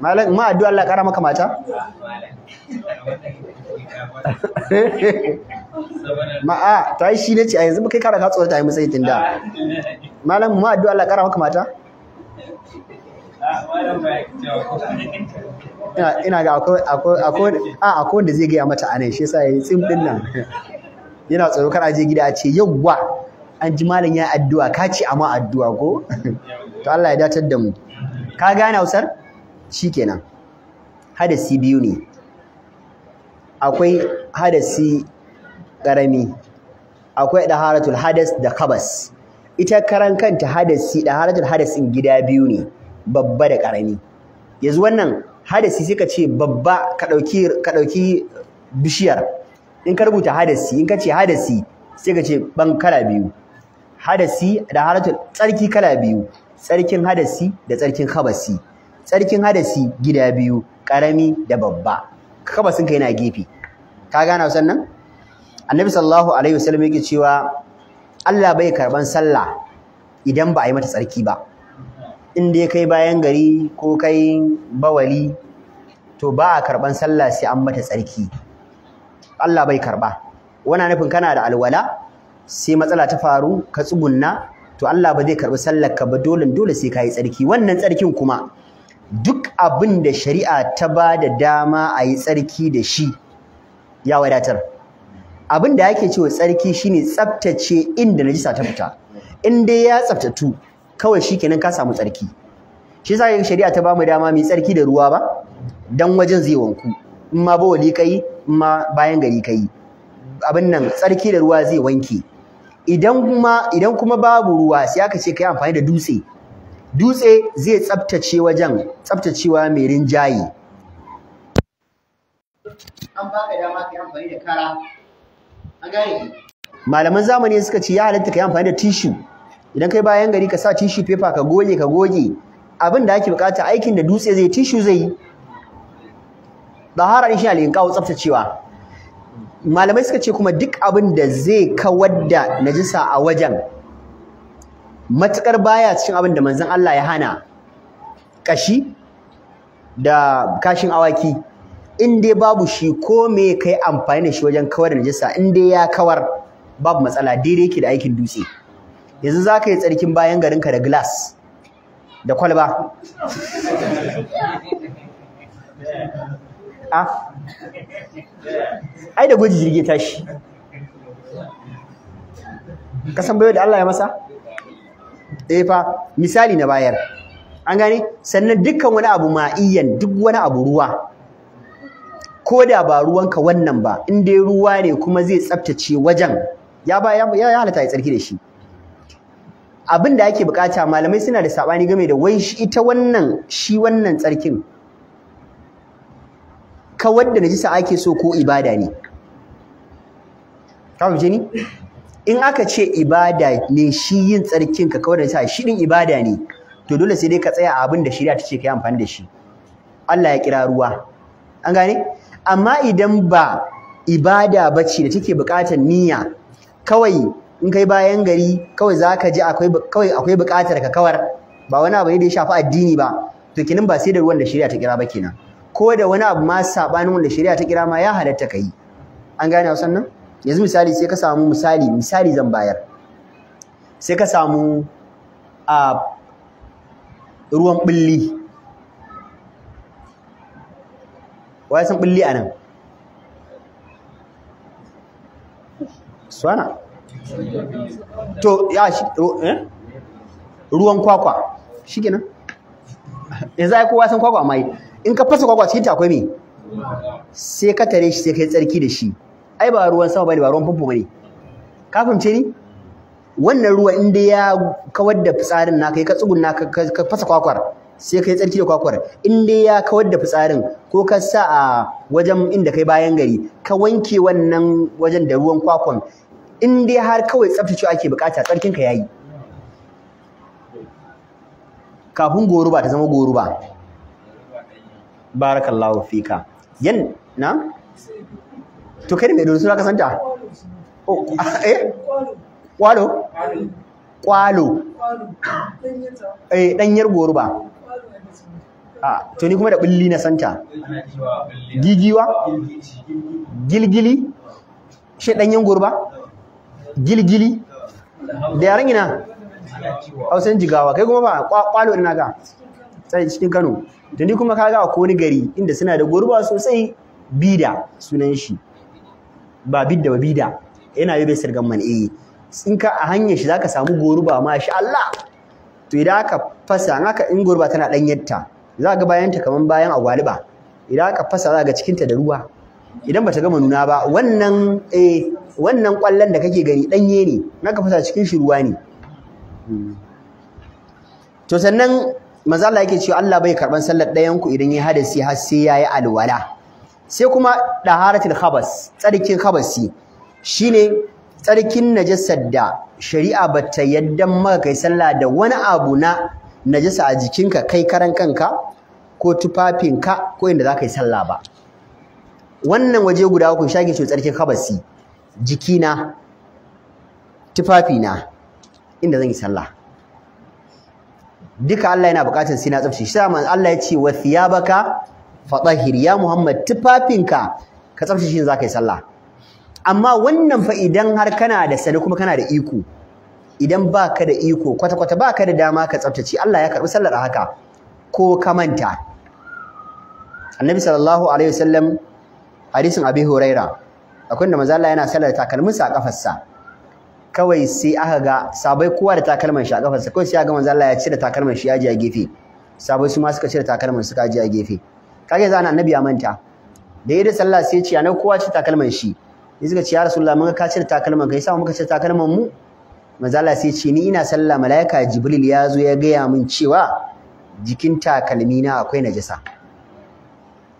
malam ma addu'a Allah kara maka mata ma'a ta yi shi nace a yanzu kai kara ka tsoro ta yi musai tunda malam ma addu'a Allah kara maka mata ina ga akwai wanda zai gaya mata a nan shi yasa yayi tsim din nan yana tsoro kana je gida a ce yawwa an ji malam ya addu'a ka ce amma addu'a ko to Allah ya datar da mu ka gane Hausar shikenan hadasi biyu ne akwai hadasi karami akwai daharatul hadas da kabas ita karan kanta hadasi daharatul hadas in gida biyu ne babba da karami yanzu wannan hadasi sai ka ce babba ka dauki ka dauki bishiyar in ka rubuta hadasi in ka ce hadasi sai ka ce bankara biyu hadasi da halatul tsarki kala biyu tsarkin hadasi da tsarkin khabasi tsarkin hadasi gida biyu karami da babba khabasin ka yana gefe ka gane sannan annabi sallallahu alaihi wasallam yake cewa Allah bai karban sallah idan ba a yi mata tsarki ba inda ya kai bayan gari ko kai bawali to ba a karban sallah sai an mata tsarki Allah bai karba Wana nufin kana da alwala sai matsala ta faru ka tsugunna to Allah ba zai karɓi sallar ka ba dole dole sai ka yi tsarki wannan tsarkin kuma duk abin da shari'a ta ba da dama ayi tsarki da shi ya wadatar abin da yake cewa tsarki shine tsaftace inda najisa ta fita in dai ya tsaftatu kawai shikenan ka samu tsarki shi yasa shari'a ta ba mu dama mu tsarki da ruwa ba dan wajen zai wanku in ma wali kai in ma bayan gari kai abin nan tsarki da ruwa zai wanke idan kuma idan kuma babu ruwa sai aka ce kai amfani da dutse dutse zai tsaftace wajen tsaftacewa mai rinjaye an baka dama kai amfani da kara an gane malaman zamani suka ce ya halatta kai amfani da tishu idan kai bayan gari ka sa tishu paper ka goge ka goge abin da ake bukata aikin da dutse zai tishu zai yi dahara ne shi ne alƙawo tsaftacewa malamai suka ce kuma duk abin da zai kawar da najisa a wajen matukar baya cikin abin da manzon Allah ya hana kashi da kashin awaki in dai babu shi ko me kai amfani da shi wajen kawar da najisa in dai ya kawar babu matsala daidai yake da aikin dutse yanzu za ka yi tsarkin bayan garinka da glass da kwalba ah? ai da gwaji jirgi tashi kasan bayo da Allah ya masa eh fa misali na bayar an gane sannan dukkan wani abu ma'iyan duk wani abu ruwa ko da ba ruwanka wannan ba in dai ruwa ne kuma zai tsaftace wajen ya ba ya ya halata ya tsarki da shi abin da ake bukata malamai suna da sabani game da wai ita wannan shi wannan tsarkin wanda na najisa ake so ko ibada ne ka fahimce ni in aka ce ibada ne shi yin tsarkin ka kawar da najisa shi din ibada ne to dole sai dai ka tsaya abin da shari'a ta ce ka yi amfani da shi Allah ya kira ruwa an gane amma idan ba ibada ba ce da take buƙatar niyya kawai in kai bayan gari kawai za ka ji akwai bukatar akwai buƙatar ka kawar ba wani abu ne da ya shafi addini ba to kinin ba sai da ruwan da shari'a ta kira ba kenan ko da wani abu ma sabanin wanda shari'a ta kira ma ya halatta kai an gane wasan nan yanzu misali sai ka samu misali misali zan bayar sai ka samu a ruwan bulli wai san bulli anan suwana to ya shi eh? ruwan kwakwa shikenan yanzu ai kowa san kwakwa mai in ka fasa kwakwa cikin ta akwai me sai ka tare shi sai kai tsarki da shi ai ba ruwan sama ba ne ba ruwan famfo bane ka fahimce ni wannan ruwa in dai ya kawar da fitsarin naka ka tsugunna ka fasa kwakwar sai kai tsarki da kwakwar in dai ya kawar da fitsarin ko ka sa a wajen inda kai bayan gari ka wanke wannan wajen da ruwan kwakwan in dai har kawai tsaftace ake bukata tsarkin ka yayi kafin goruba ta zama goruba barakallahu fika yan na to kai mai dusu ka santa oh eh kwalo kwalo eh danyar goruba ah to ni kuma da bulli na santa gigiwa gilgili shi danyen goruba gilgili da yaran ina hausan jigawa kai kuma ba kwalo ina ga cikin kano to ni kuma kaga akwai wani gari inda suna da gurba sosai bida sunan shi ba bidda ba bida yana yobe sirgan man eh in ka a hanyar shi zaka samu goruba shi. Allah to idan aka fasa in aka in goruba tana danyarta za ga bayanta kaman bayan agwaliba idan aka fasa za ga cikinta da ruwa idan bata gama nuna ba wannan eh wannan kwallon da kake gani danye ne in aka fasa cikin shi ruwa ne hmm. to sannan Maza Allah yake cewa Allah bai karban sallar ɗayan ku idan ya si har sai yayi alwala sai kuma daharatul khabas tsarkin khabasi shine tsarkin najasar da shari'a bata yadda maka kai sallah da wani abu na najasa a jikinka kai karan kanka ko tufafinka ko inda za ka yi sallah ba wannan waje guda ku shage ce tsarkin khabasi jikina tufafina inda zan yi sallah duka Allah yana buƙatar sai na tsaftace shi sai Allah ya ce wa thiyabaka fatahir ya Muhammad tufafinka ka tsaftace shi zaka yi sallah amma wannan fa idan har kana da sani kuma kana da iko idan baka da iko kwata kwata baka da dama ka tsaftace Allah ya karbi sallar haka ko ka manta Annabi sallallahu alaihi wasallam hadisin Abi Huraira akwai da manzo Allah yana sallar takalminsa a kafarsa kawai sai aka ga sabai kowa da takalman shi a kafarsa kawai sai aka ga manzo Allah ya cire takalman shi ya ji a gefe sabai su ma suka cire takalman suka ji a gefe kage zana annabi ya manta da yayin sallah sai ya ce annabi kowa ci takalman shi sai suka ce ya rasulullah mun ga ka cire takalman kai sai muka cire takalman mu manzo Allah sai ya ce ni ina sallah malaika jibril ya zo ya gaya min cewa jikin takalmi na akwai najasa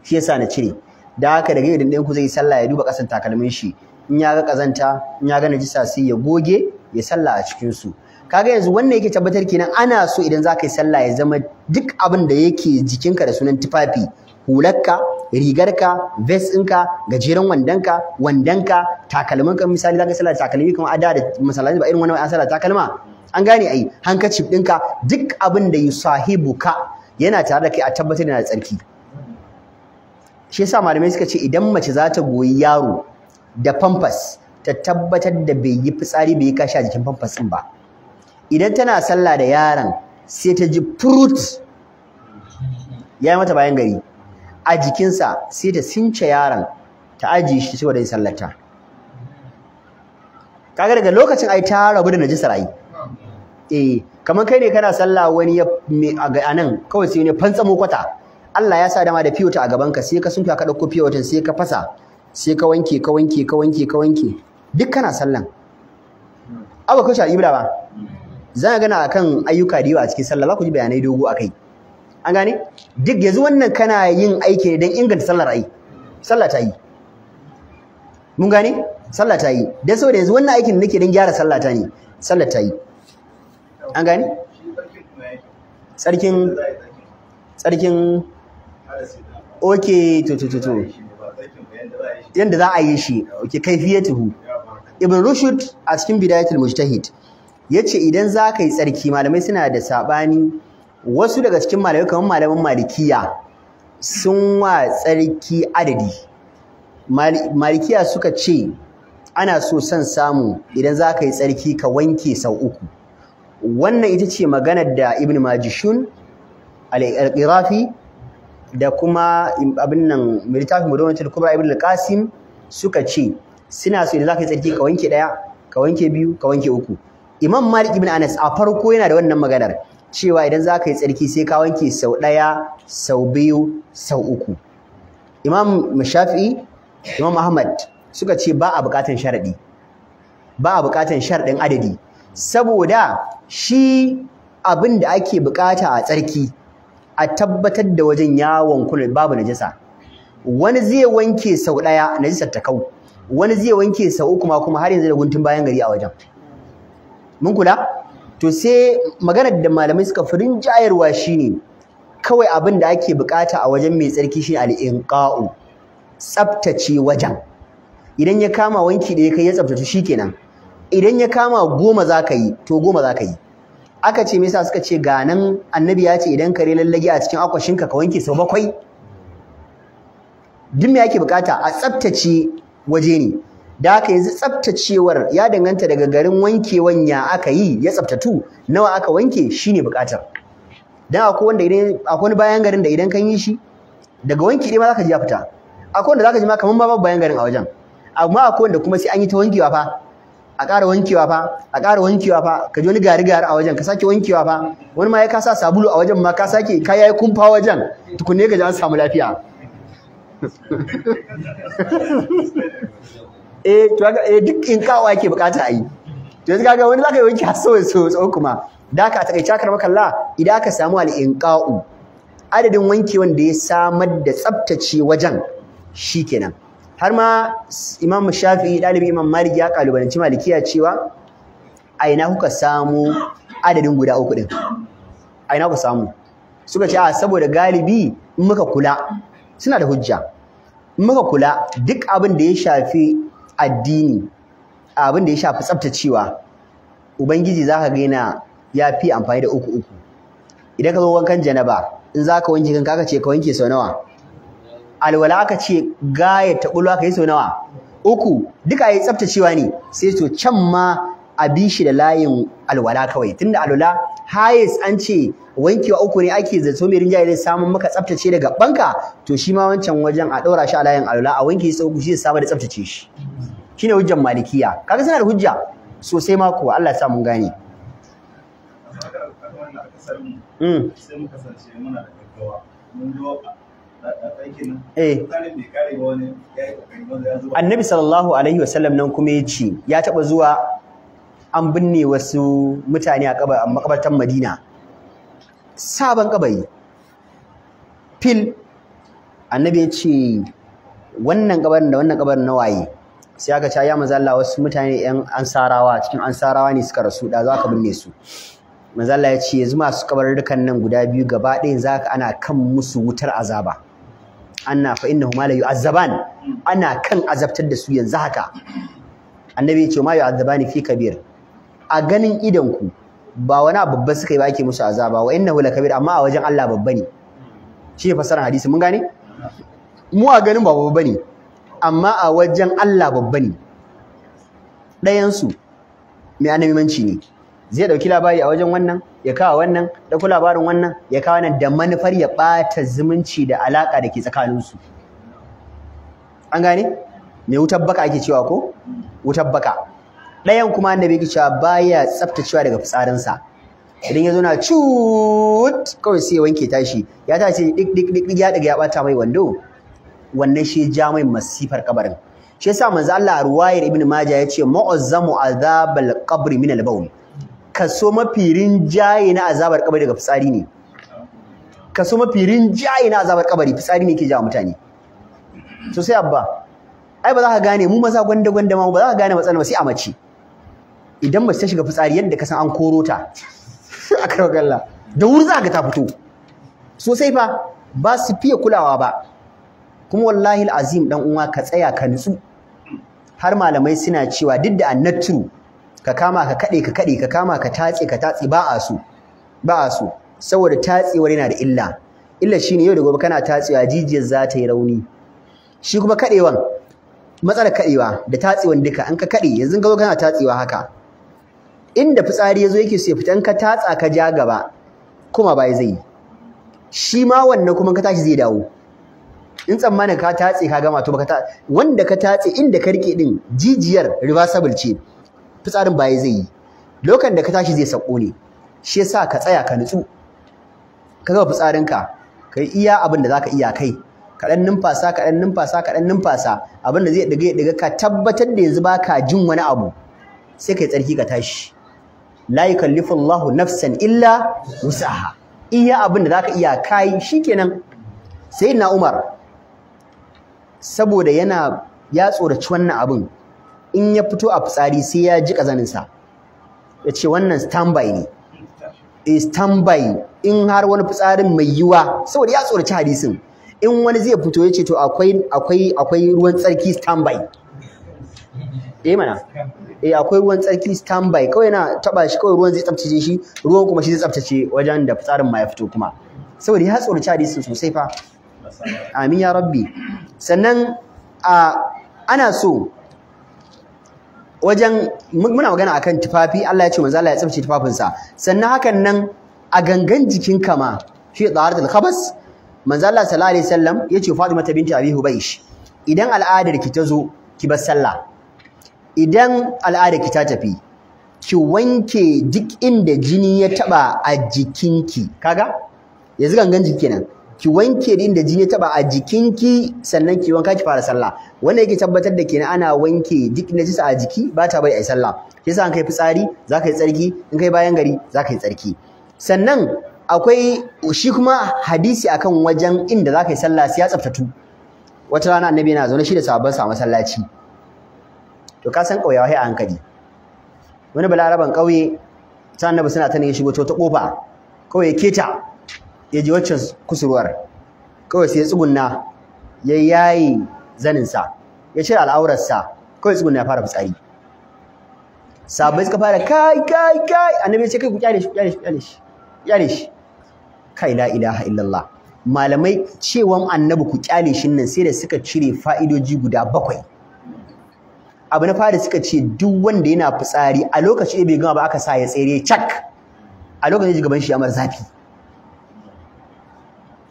shi yasa na cire da haka daga yau din ku zai sallah ya duba kasan takalmin shi in ya ga kazanta in ya ga najisa sai ya goge ya sallah a cikin su kaga yanzu wannan yake tabbatar kenan ana so idan zaka yi salla ya zama duk abin da yake jikinka da sunan tufafi hularka rigarka vest ɗinka gajeren wandanka, wandonka takalminka misali zaka sallah takalmi kamar ada da masallaci ba irin wannan an salla takalma an gane ai handkerchief ɗinka duk abin da yusahibuka yana tare da kai a tabbatar da tsarki shi yasa malamai suka ce idan mace za ta goyi yaro da pampas ta tabbatar da bai yi fitsari bai yi kashi a jikin pampas in ba idan tana sallah da yaron sai ta ji furut ya yi mata bayan gari a jikinsa sai ta since yaran ta ajiye shi saboda yin sallarta kaga daga lokacin ai ta rabu da najisar ai eh kamar kai ne kana sallah wani ya a nan kawai sai ne fantsamo kwata Allah ya sa dama da fiyota a gaban ka sai ka sunka ka dauko fiyotan sai ka fasa sai ka wanke ka wanke ka wanke ka wanke duk kana sallan abu kusa ibra ba za a gana akan ayyuka da yawa a cikin sallah za ku ji bayanai dogo akai an gane duk yanzu wannan kana yin aiki ne don inganta sallar ai sallah ta yi mun gane sallah ta yi dan saboda yanzu wannan aikin da nake don gyara sallah ta ne sallah ta yi an gane tsarkin tsarkin Ok to to to to yanda za a yi shi ya kaifiyatuhu ibn rushd a cikin bidayatul mujtahid ya ce idan za ka yi tsarki malamai suna da sabani wasu daga cikin malamai kamar malamin malikiya sun wa tsarki adadi malikiya suka ce ana so son samu idan za ka yi tsarki ka wanke sau uku wannan ita ce maganar da ibn majishun al-qirafi da kuma abin nan littafin mudawwanatul kubra ibn al-qasim suka ce suna so idan zaka yi tsarki ka wanke daya ka wanke biyu ka wanke uku imam malik ibn anas a farko yana da wannan maganar cewa idan zaka yi tsarki sai ka wanke sau daya sau biyu sau uku imam mashafi imam ahmad suka ce ba a bukatan sharadi ba a bukatan sharadin adadi saboda shi abin da ake bukata a tsarki a tabbatar da wajen yawon wanku babu najasa wani zai wanke sau ɗaya najisar ta kau wani zai wanke sau uku ma kuma har yanzu da guntun bayan gari a wajen mun kula to sai maganar da malamai suka fi rinjayarwa shine kawai abin da ake bukata a wajen mai tsarki shine al-inqa'u tsaftace wajen idan ya kama wanki da ya kai ya tsaftace shikenan idan ya kama goma za ka yi to goma za ka yi aka ce misa suka ce nan annabi ya ce idan kare lallage a cikin akwashinka ka wanke sau bakwai duk me yake bukata a tsaftace waje ne da aka yanzu tsaftacewar ya danganta daga garin wankewan ya aka yi ya tsaftatu nawa aka wanke shine bukatar dan akwai wanda idan akwai wani bayan garin da idan kan yi shi daga wanki ne ma zaka ji ya fita akwai wanda zaka ji ma kaman ba babu bayan garin a wajen amma akwai wanda kuma sai an yi ta wankewa fa a ƙara wankewa fa a ƙara wankewa fa ka ji wani gari gari a wajen ka sake wankewa fa wani ma ya ka sa sabulu a wajen ma ka sake ka yayi kumfa wajen tukunne ka ji an samu lafiya eh to ga eh duk in kawo ake bukata a yi to yanzu kaga wani zaka yi wanki har sau so so kuma da ka takaice kar makalla idan aka samu al inqa'u adadin wankewan da ya samar da tsaftace wajen shikenan har ma imam shafi ɗalibi imam malik ya kalubalanci malikiya cewa a ina kuka samu adadin guda uku ɗin a ina kuka samu suka ce a saboda galibi in muka kula suna da hujja in muka kula duk abin da ya shafi addini abin da ya shafi tsaftacewa ubangiji za ka gaina ya fi amfani da uku uku idan ka zo wankan janaba in za ka wanke kanka ka ce ka wanke sau nawa alwala aka ce gaya ta ka yi sau nawa uku duka yi tsaftacewa ne sai to can ma a bi shi da layin alwala kawai tunda alwala hayes an ce wankewa uku ne ake zato mai rinjaye zai samun maka tsaftace daga banka to shi ma wancan wajen a ɗora shi a layin alwala a wanke shi uku shi zai samu da tsaftace shi shine hujjar malikiya kaga suna da hujja sosai ma kuwa Allah ya sa mun gane Mm. eh annabi sallallahu alaihi wasallam nan kuma ya ce ya taɓa zuwa an binne wasu mutane a makabartar madina sabon kabari fil annabi ya ce wannan kabarin da wannan kabarin na waye sai aka ce ya manzo Allah wasu mutane yan ansarawa cikin ansarawa ne suka rasu da za ka binne su manzo Allah ya ce su masu kabarin nan guda biyu gaba ɗaya za ka ana kan musu wutar azaba anna fa innahuma la yu'azzaban ana kan azabtar da su yanzu haka annabi ya ce ma yu'azzabani fi kabir a ganin idan ku ba wani babba suka yi ba ake musu azaba wa innahu la kabir amma a wajen Allah babba ne shi ne fasarar hadisi mun gane mu a ganin ba babba ne amma a wajen Allah babba ne ɗayan su mai manci ne zai ɗauki labari a wajen wannan ya kawo wannan dauko labarin wannan ya kawo wannan da manufar ya bata zumunci da alaka da ke tsakaninsu an gane me wutar baka ake cewa ko wutar baka ɗayan kuma annabi yake cewa baya tsaftacewa daga fitsarinsa idan ya zo na cut kawai sai ya wanke tashi ya tashi dik dik dik ya daga ya bata mai wando wannan shi ja mai masifar kabarin shi yasa manzo Allah ruwayar ibnu majah yace mu'azzamu azabal qabri min al-bawl kaso mafi rinjaye na azabar kabari daga fitsari ne kaso mafi rinjaye na azabar kabari fitsari ne ke jawo mutane so sai abba ai ba za ka gane mu maza gwanda gwanda ma ba za ka gane matsalar ba sai a mace idan mace ta shiga fitsari yadda ka san an koro ta a galla da wuri za ka ta fito sosai fa ba su fiye kulawa ba kuma wallahi azim dan uwa ka tsaya ka nutsu har malamai suna cewa duk da annatru ka kama ka kaɗe ka kaɗe ka kama ka tatse ka tatse ba a so ba a so saboda tatsewar yana da illa illa shine yau da gobe kana tatsewa jijiyar za ta yi rauni shi kuma kaɗewan matsalar kaɗewa da tatsewan duka an ka kaɗe yanzu ka zo kana tatsewa haka inda fitsari ya zo yake so ya fita in ka tatsa ka ja gaba kuma ya zai yi shi ma wannan kuma ka tashi zai dawo in tsammanin ka tatse ka gama to baka ta wanda ka tatse inda ka rike din jijiyar reversible ce fitsarin baya zai yi lokacin da ka tashi zai sako ne shi yasa ka tsaya ka nutsu ka ga fitsarin ka kai iya abin da zaka iya kai ka dan numfasa ka dan numfasa ka dan numfasa abin da zai diga ya diga ka tabbatar da yanzu baka jin wani abu sai kai tsarki ka tashi la yukallifu Allahu nafsan illa wusaha iya abin da zaka iya kai shikenan sayyidina Umar saboda yana ya tsoraci wannan abin in ya fito a fitsari sai ya ji kazaninsa ya ce wannan standby ne e standby in har wani fitsarin mai yiwa saboda ya tsoraci hadisin in wani zai fito ya ce to akwai akwai akwai ruwan tsarki standby eh mana eh akwai ruwan tsarki standby kawai na taba shi kawai ruwan zai tsaftace shi ruwan kuma shi zai tsaftace wajen da fitsarin ma ya fito kuma saboda ya tsoraci hadisin sosai fa amin ya rabbi sannan a ana so wajen muna magana akan tufafi Allah ya ce manzo Allah ya tsaftace tufafinsa sannan hakan nan a gangan jikin kama shi da khabas manzo Allah sallallahu alaihi wasallam ya ce Fatima binti Abi Hubaysh idan al'adar ki ta zo ki bar sallah idan al'adar ki ta tafi ki wanke duk inda jini ya taba a jikinki kaga yanzu gangan jiki kenan ki wanke din da jini taba a jikinki sannan ki wanka ki fara sallah wanda yake tabbatar da kenan ana wanke duk jisa a jiki ba ta bai ai sallah yasa an kai fitsari za ka yi tsarki in kai bayan gari za ka yi tsarki sannan akwai shi kuma hadisi akan wajen inda za ka yi sallah sai ya tsaftatu wata rana annabi yana zaune shi da sahabban sa masallaci to ka san ƙauyawa sai a hankali wani balaraban kauye ta annabi suna ta ne shigo ta kofa kawai keta ya ji waccan kusurwar kawai sai ya tsugunna ya yayi zaninsa ya cire al'aurarsa kawai tsugunna ya fara fitsari sabai suka fara kai kai kai annabi ya ce kai ku kyale shi kyale shi kyale shi kyale shi kai la ilaha illallah malamai cewan annabi ku kyale shi nan sai da suka cire fa'idoji guda bakwai abu na fara suka ce duk wanda yana fitsari a lokaci bai gama ba aka sa ya tsere cak a lokacin gaban shi ya mar zafi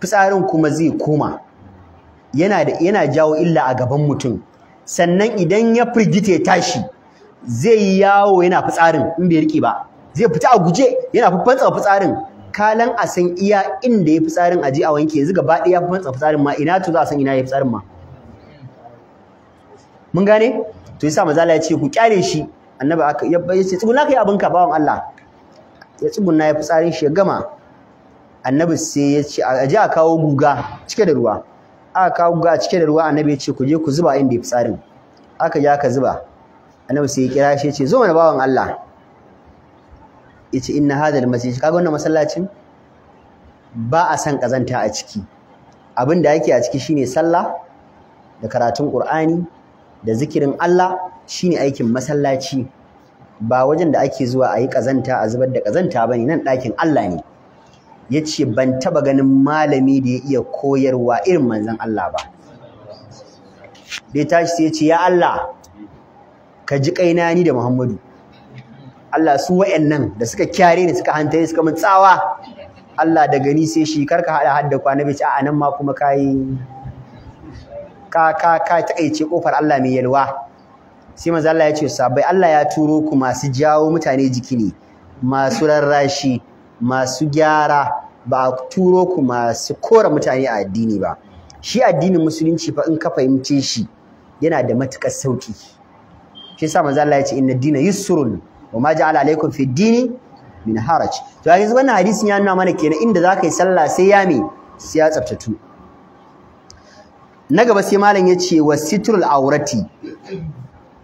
fitsarin kuma zai koma yana da yana jawo illa a gaban mutum sannan idan ya firgite tashi zai yi yawo yana fitsarin in bai rike ba zai fita a guje yana fufantsa fitsarin kalan a san iya inda ya fitsarin a ji a wanke yanzu gaba ɗaya fufantsa fitsarin ma ina to za a san ina ya fitsarin ma mun gane to yasa manzala ya ce ku kyale shi annabi aka ya ce tsuguna kai abinka bawan Allah ya na ya fitsarin shi ya gama annabi sai ya ce a je a kawo guga cike da ruwa aka kawo guga cike da ruwa annabi ya ce ku je ku zuba inda ya tsarin. aka je aka zuba annabi sai ya kira shi ya ce zo mana bawan Allah ya ce inna hadal masjid kaga wannan masallacin ba a san kazanta a ciki abin da yake a ciki shine sallah da karatun Qur'ani da zikirin Allah shine aikin masallaci ba wajen da ake zuwa a yi kazanta a zubar da kazanta ne, nan ɗakin Allah ne ya ce ban taɓa ganin malami da ya iya koyarwa irin manzan Allah ba bai tashi sai ya ce ya Allah ka ji kaina ni da Muhammadu Allah su wayannan da suka kyare ni suka hantaye suka mun tsawa Allah da gani sai shi karka hada hadda kwana bai ce a nan ma kuma kai ka ka ka takaice kofar Allah mai yalwa sai manzo Allah ya ce sabai Allah ya turo ku masu jawo mutane jiki ne masu rarrashi masu gyara ba a turo ku masu kora mutane a addini ba shi addinin musulunci fa in ka fahimce shi yana da matukar sauki shi yasa manzo Allah ya ce inna dina yusrun wa ma ja'ala alaikum fi dini min haraj to yanzu wannan hadisin ya nuna mana kenan inda zaka yi sallah sai ya me sai ya tsaftatu na gaba sai malam ya ce wa sitrul aurati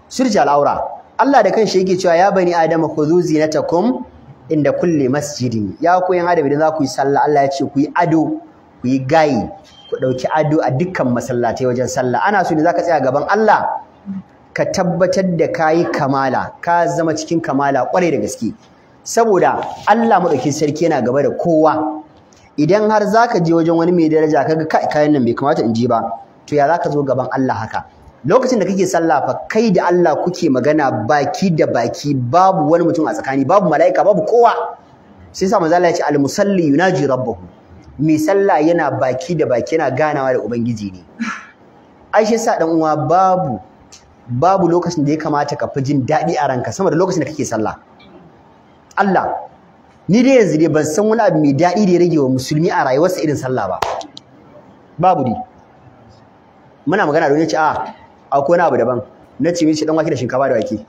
surja al aura Allah da kanshi yake cewa ya bani adama khudhu zinatakum inda kulle masjidin ya ku yan adabi idan za ku yi sallah Allah ya ce ku yi ado ku yi gai ku ɗauki ado a dukkan masallatai wajen sallah ana so ne za ka tsaya gaban Allah ka tabbatar da ka yi kamala ka zama cikin kamala kwarai da gaske saboda Allah Madaukin sarki yana gaba da kowa idan har za ka je wajen wani mai daraja kaga kayan nan bai kamata in je ba to ya za ka zo gaban Allah haka lokacin da kake sallah fa kai da Allah kuke magana baki da baki babu wani mutum a tsakani babu mala'ika babu kowa sai sa manzo Allah ya ce al musalli yunaji rabbahu mai sallah yana baki da baki yana ganawa da ubangiji ne ai shi sa dan uwa babu babu lokacin da ya kamata ka fi jin daɗi a ranka sama da lokacin da kake sallah Allah ni dai yanzu dai ban san wani abu mai daɗi da ya rage wa musulmi a rayuwarsa irin sallah ba babu dai muna magana don ya ce a ah, akwai wani abu daban na ci mishi dan wake da shinkafa da wake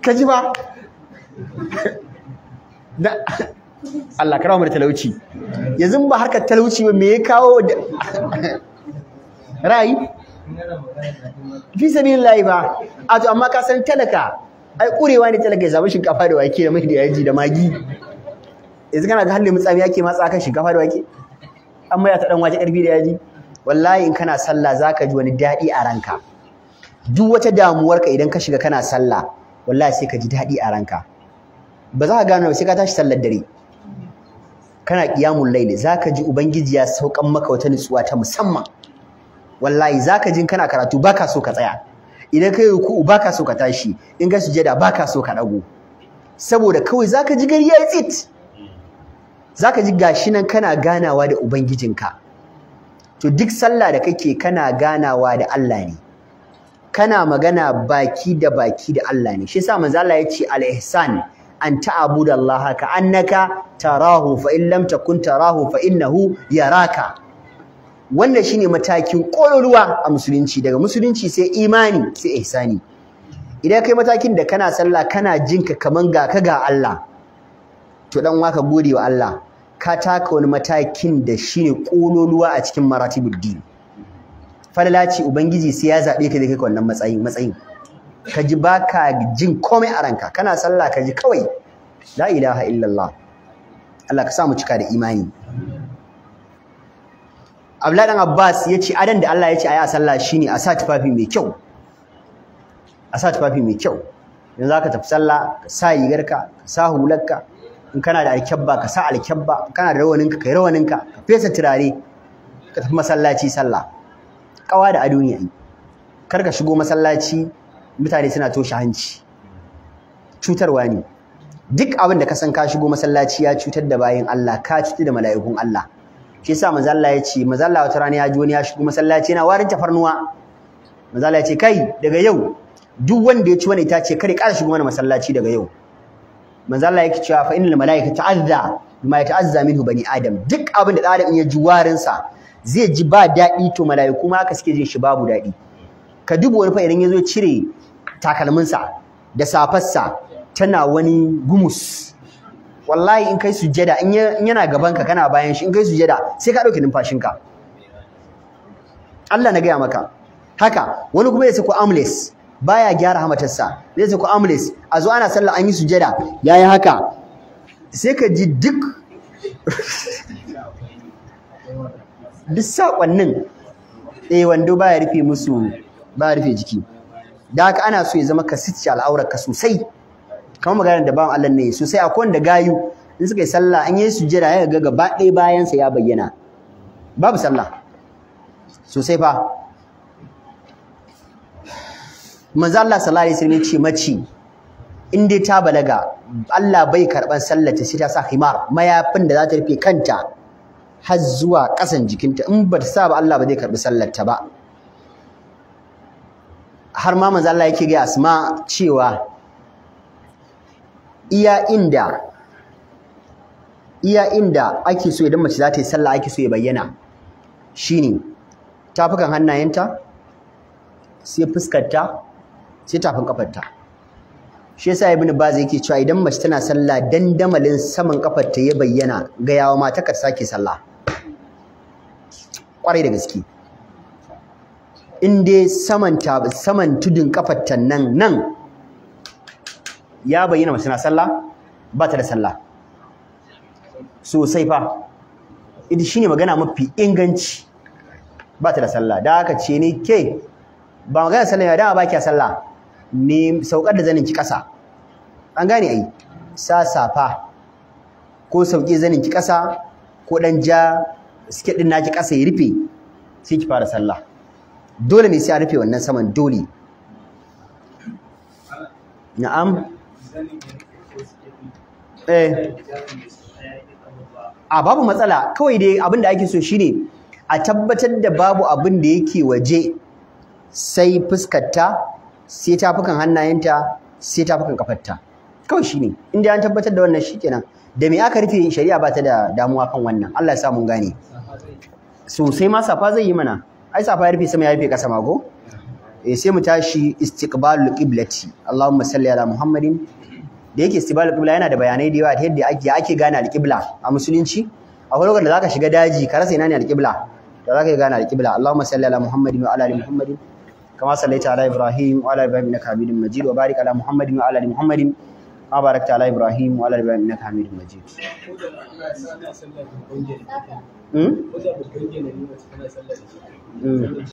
ka ji ba Allah karawa da talauci yanzu ba harkar talauci ba me ya kawo da rai fi layi ba a to amma ka san talaka ai kurewa ne talaka ya zabi shinkafa da wake da mai da yaji da magi yanzu kana ga halle mutsami yake matsa kan shinkafa da wake an maya ta dan waje karbi da yaji wallahi in kana sallah zaka ji wani daɗi a ranka duk wata damuwarka idan ka shiga kana sallah wallahi sai ka ji daɗi a ranka ba za ka gano sai ka tashi sallar dare kana qiyamul layl zaka ji ubangiji ya saukan maka wata nutsuwa ta musamman wallahi zaka ji kana karatu baka so ka tsaya idan kai ruku baka so ka tashi in ga sujada baka so ka dago saboda kawai zaka ji gari ya tsit zaka ji gashi nan kana ganawa da ubangijinka to duk sallah da kake kana ganawa da Allah ne kana magana baki da baki da Allah ne shi yasa manzo Allah yace al-ihsan an ta'budu Allah ka annaka tarahu fa in lam takun tarahu fa innahu yaraka wannan shine matakin kololuwa a musulunci daga musulunci sai imani sai ihsani idan kai matakin da kana sallah kana jinka kaman ga ka ga Allah to dan waka gode wa Allah ka taka wani matakin da shi ne ƙololuwa a cikin maratibul Falalaci, falala ubangiji sai ya zaɓe ka da kai wannan matsayin matsayin ka ji baka jin komai a ranka kana sallah ka ji kawai la ilaha illallah Allah ka sa mu cika da imani Abdullahi Abbas Abbas ce adan da Allah ya ayi a sallah shine a sa tufafi mai kyau a sa tufafi mai kyau yanzu zaka tafi sallah ka sa rigarka ka sa hularka in kana da alkyabba ka sa alkyabba kana da rawaninka ka yi rawaninka ka fesa turare ka tafi masallaci sallah kawa da adon yayi kar ka shigo masallaci mutane suna toshe hanci cutarwa ne duk abin da ka san ka shigo masallaci ya cutar da bayin Allah ka cutu da mala'ikun Allah shi yasa manzo Allah ya ce manzo Allah wata rana ya ji wani ya shigo masallaci yana warin tafarnuwa manzo Allah ya ce kai daga yau duk wanda ya ci wani itace kare ƙara shigo mana masallaci daga yau manzo Allah yake cewa fa innal malaika ta'azza bima ta'azza minhu bani adam duk abin da adam ya ji warin sa zai ji ba daɗi to malaiku ma haka suke jin shi babu daɗi ka dubo wani fa idan yazo cire takalmin sa da safarsa tana wani gumus wallahi in kai sujjada in yana gaban ka kana bayan shi in kai sujjada sai ka dauke numfashin ka Allah na gaya maka haka wani kuma ya sako Amules. baya gyara hamatarsa zai ku amles a zo ana sallah an yi sujada yayi haka sai ka ji duk duk sakonnin eh wando baya rufe musu baya rufe jiki da haka ana so ya zama ka sitce al'aurarka sosai kamar maganar da bawan allon ne sosai akwai wanda gayu in suka yi sallah an yi sujada ya ga gaba ɗaya bayansa ya bayyana babu sallah sosai fa manzo Allah sallallahu alaihi wasallam ya ce mace in dai ta balaga Allah bai karban sallata sai ta sa himar mayafin da za ta rufe kanta har zuwa ƙasan jikinta in ba ta sa ba Allah ba zai karbi sallarta ba har ma manzo Allah yake ga Asma cewa iya inda iya inda ake so idan mace za ta yi sallah ake so ya bayyana shine tafukan hannayenta sai fuskarta sai tafin kafarta shi yasa ibnu baz yake cewa idan mace tana sallah dandamalin saman kafarta ya bayyana ga yawa mata ka sake sallah kwarai da gaske in dai saman saman tudun kafarta nan nan ya bayyana mace tana sallah ba ta da sallah sosai fa idi shine magana mafi inganci ba ta da sallah da haka ce ne ke ba magana sallah ya da ba kiya sallah me saukar da zanin ki ƙasa an gane ai sa safa ko sauke zanin ki ƙasa ko dan ja suke din naki ƙasa ya rufe sai ki fara sallah dole ne sai a rufe wannan saman dole na'am eh a babu matsala kawai dai abin da ake so shine a tabbatar da babu abin da yake waje sai fuskarta sai tafukan hannayenta sai tafukan kafarta kawai shine inda dai an tabbatar da wannan shikenan da me aka rufe shari'a ba ta da damuwa kan wannan Allah ya sa mun gane sosai ma safa zai yi mana ai safa ya rufe sama ya rufe kasa mago eh sai mu tashi istiqbalul qiblati Allahumma salli ala Muhammadin da yake istiqbalul qibla yana da bayanai da yawa ta yadda ake ake gane alqibla a musulunci akwai lokacin da zaka shiga daji ka rasa ina ne alqibla da zaka gane alqibla Allahumma salli ala Muhammadin wa ala ali Muhammadin كما صليت على إبراهيم وعلى إبراهيم إنك حميد مجيد وبارك على محمد وعلى آل محمد كما باركت على إبراهيم وعلى آل إبراهيم إنك حميد مجيد Mm.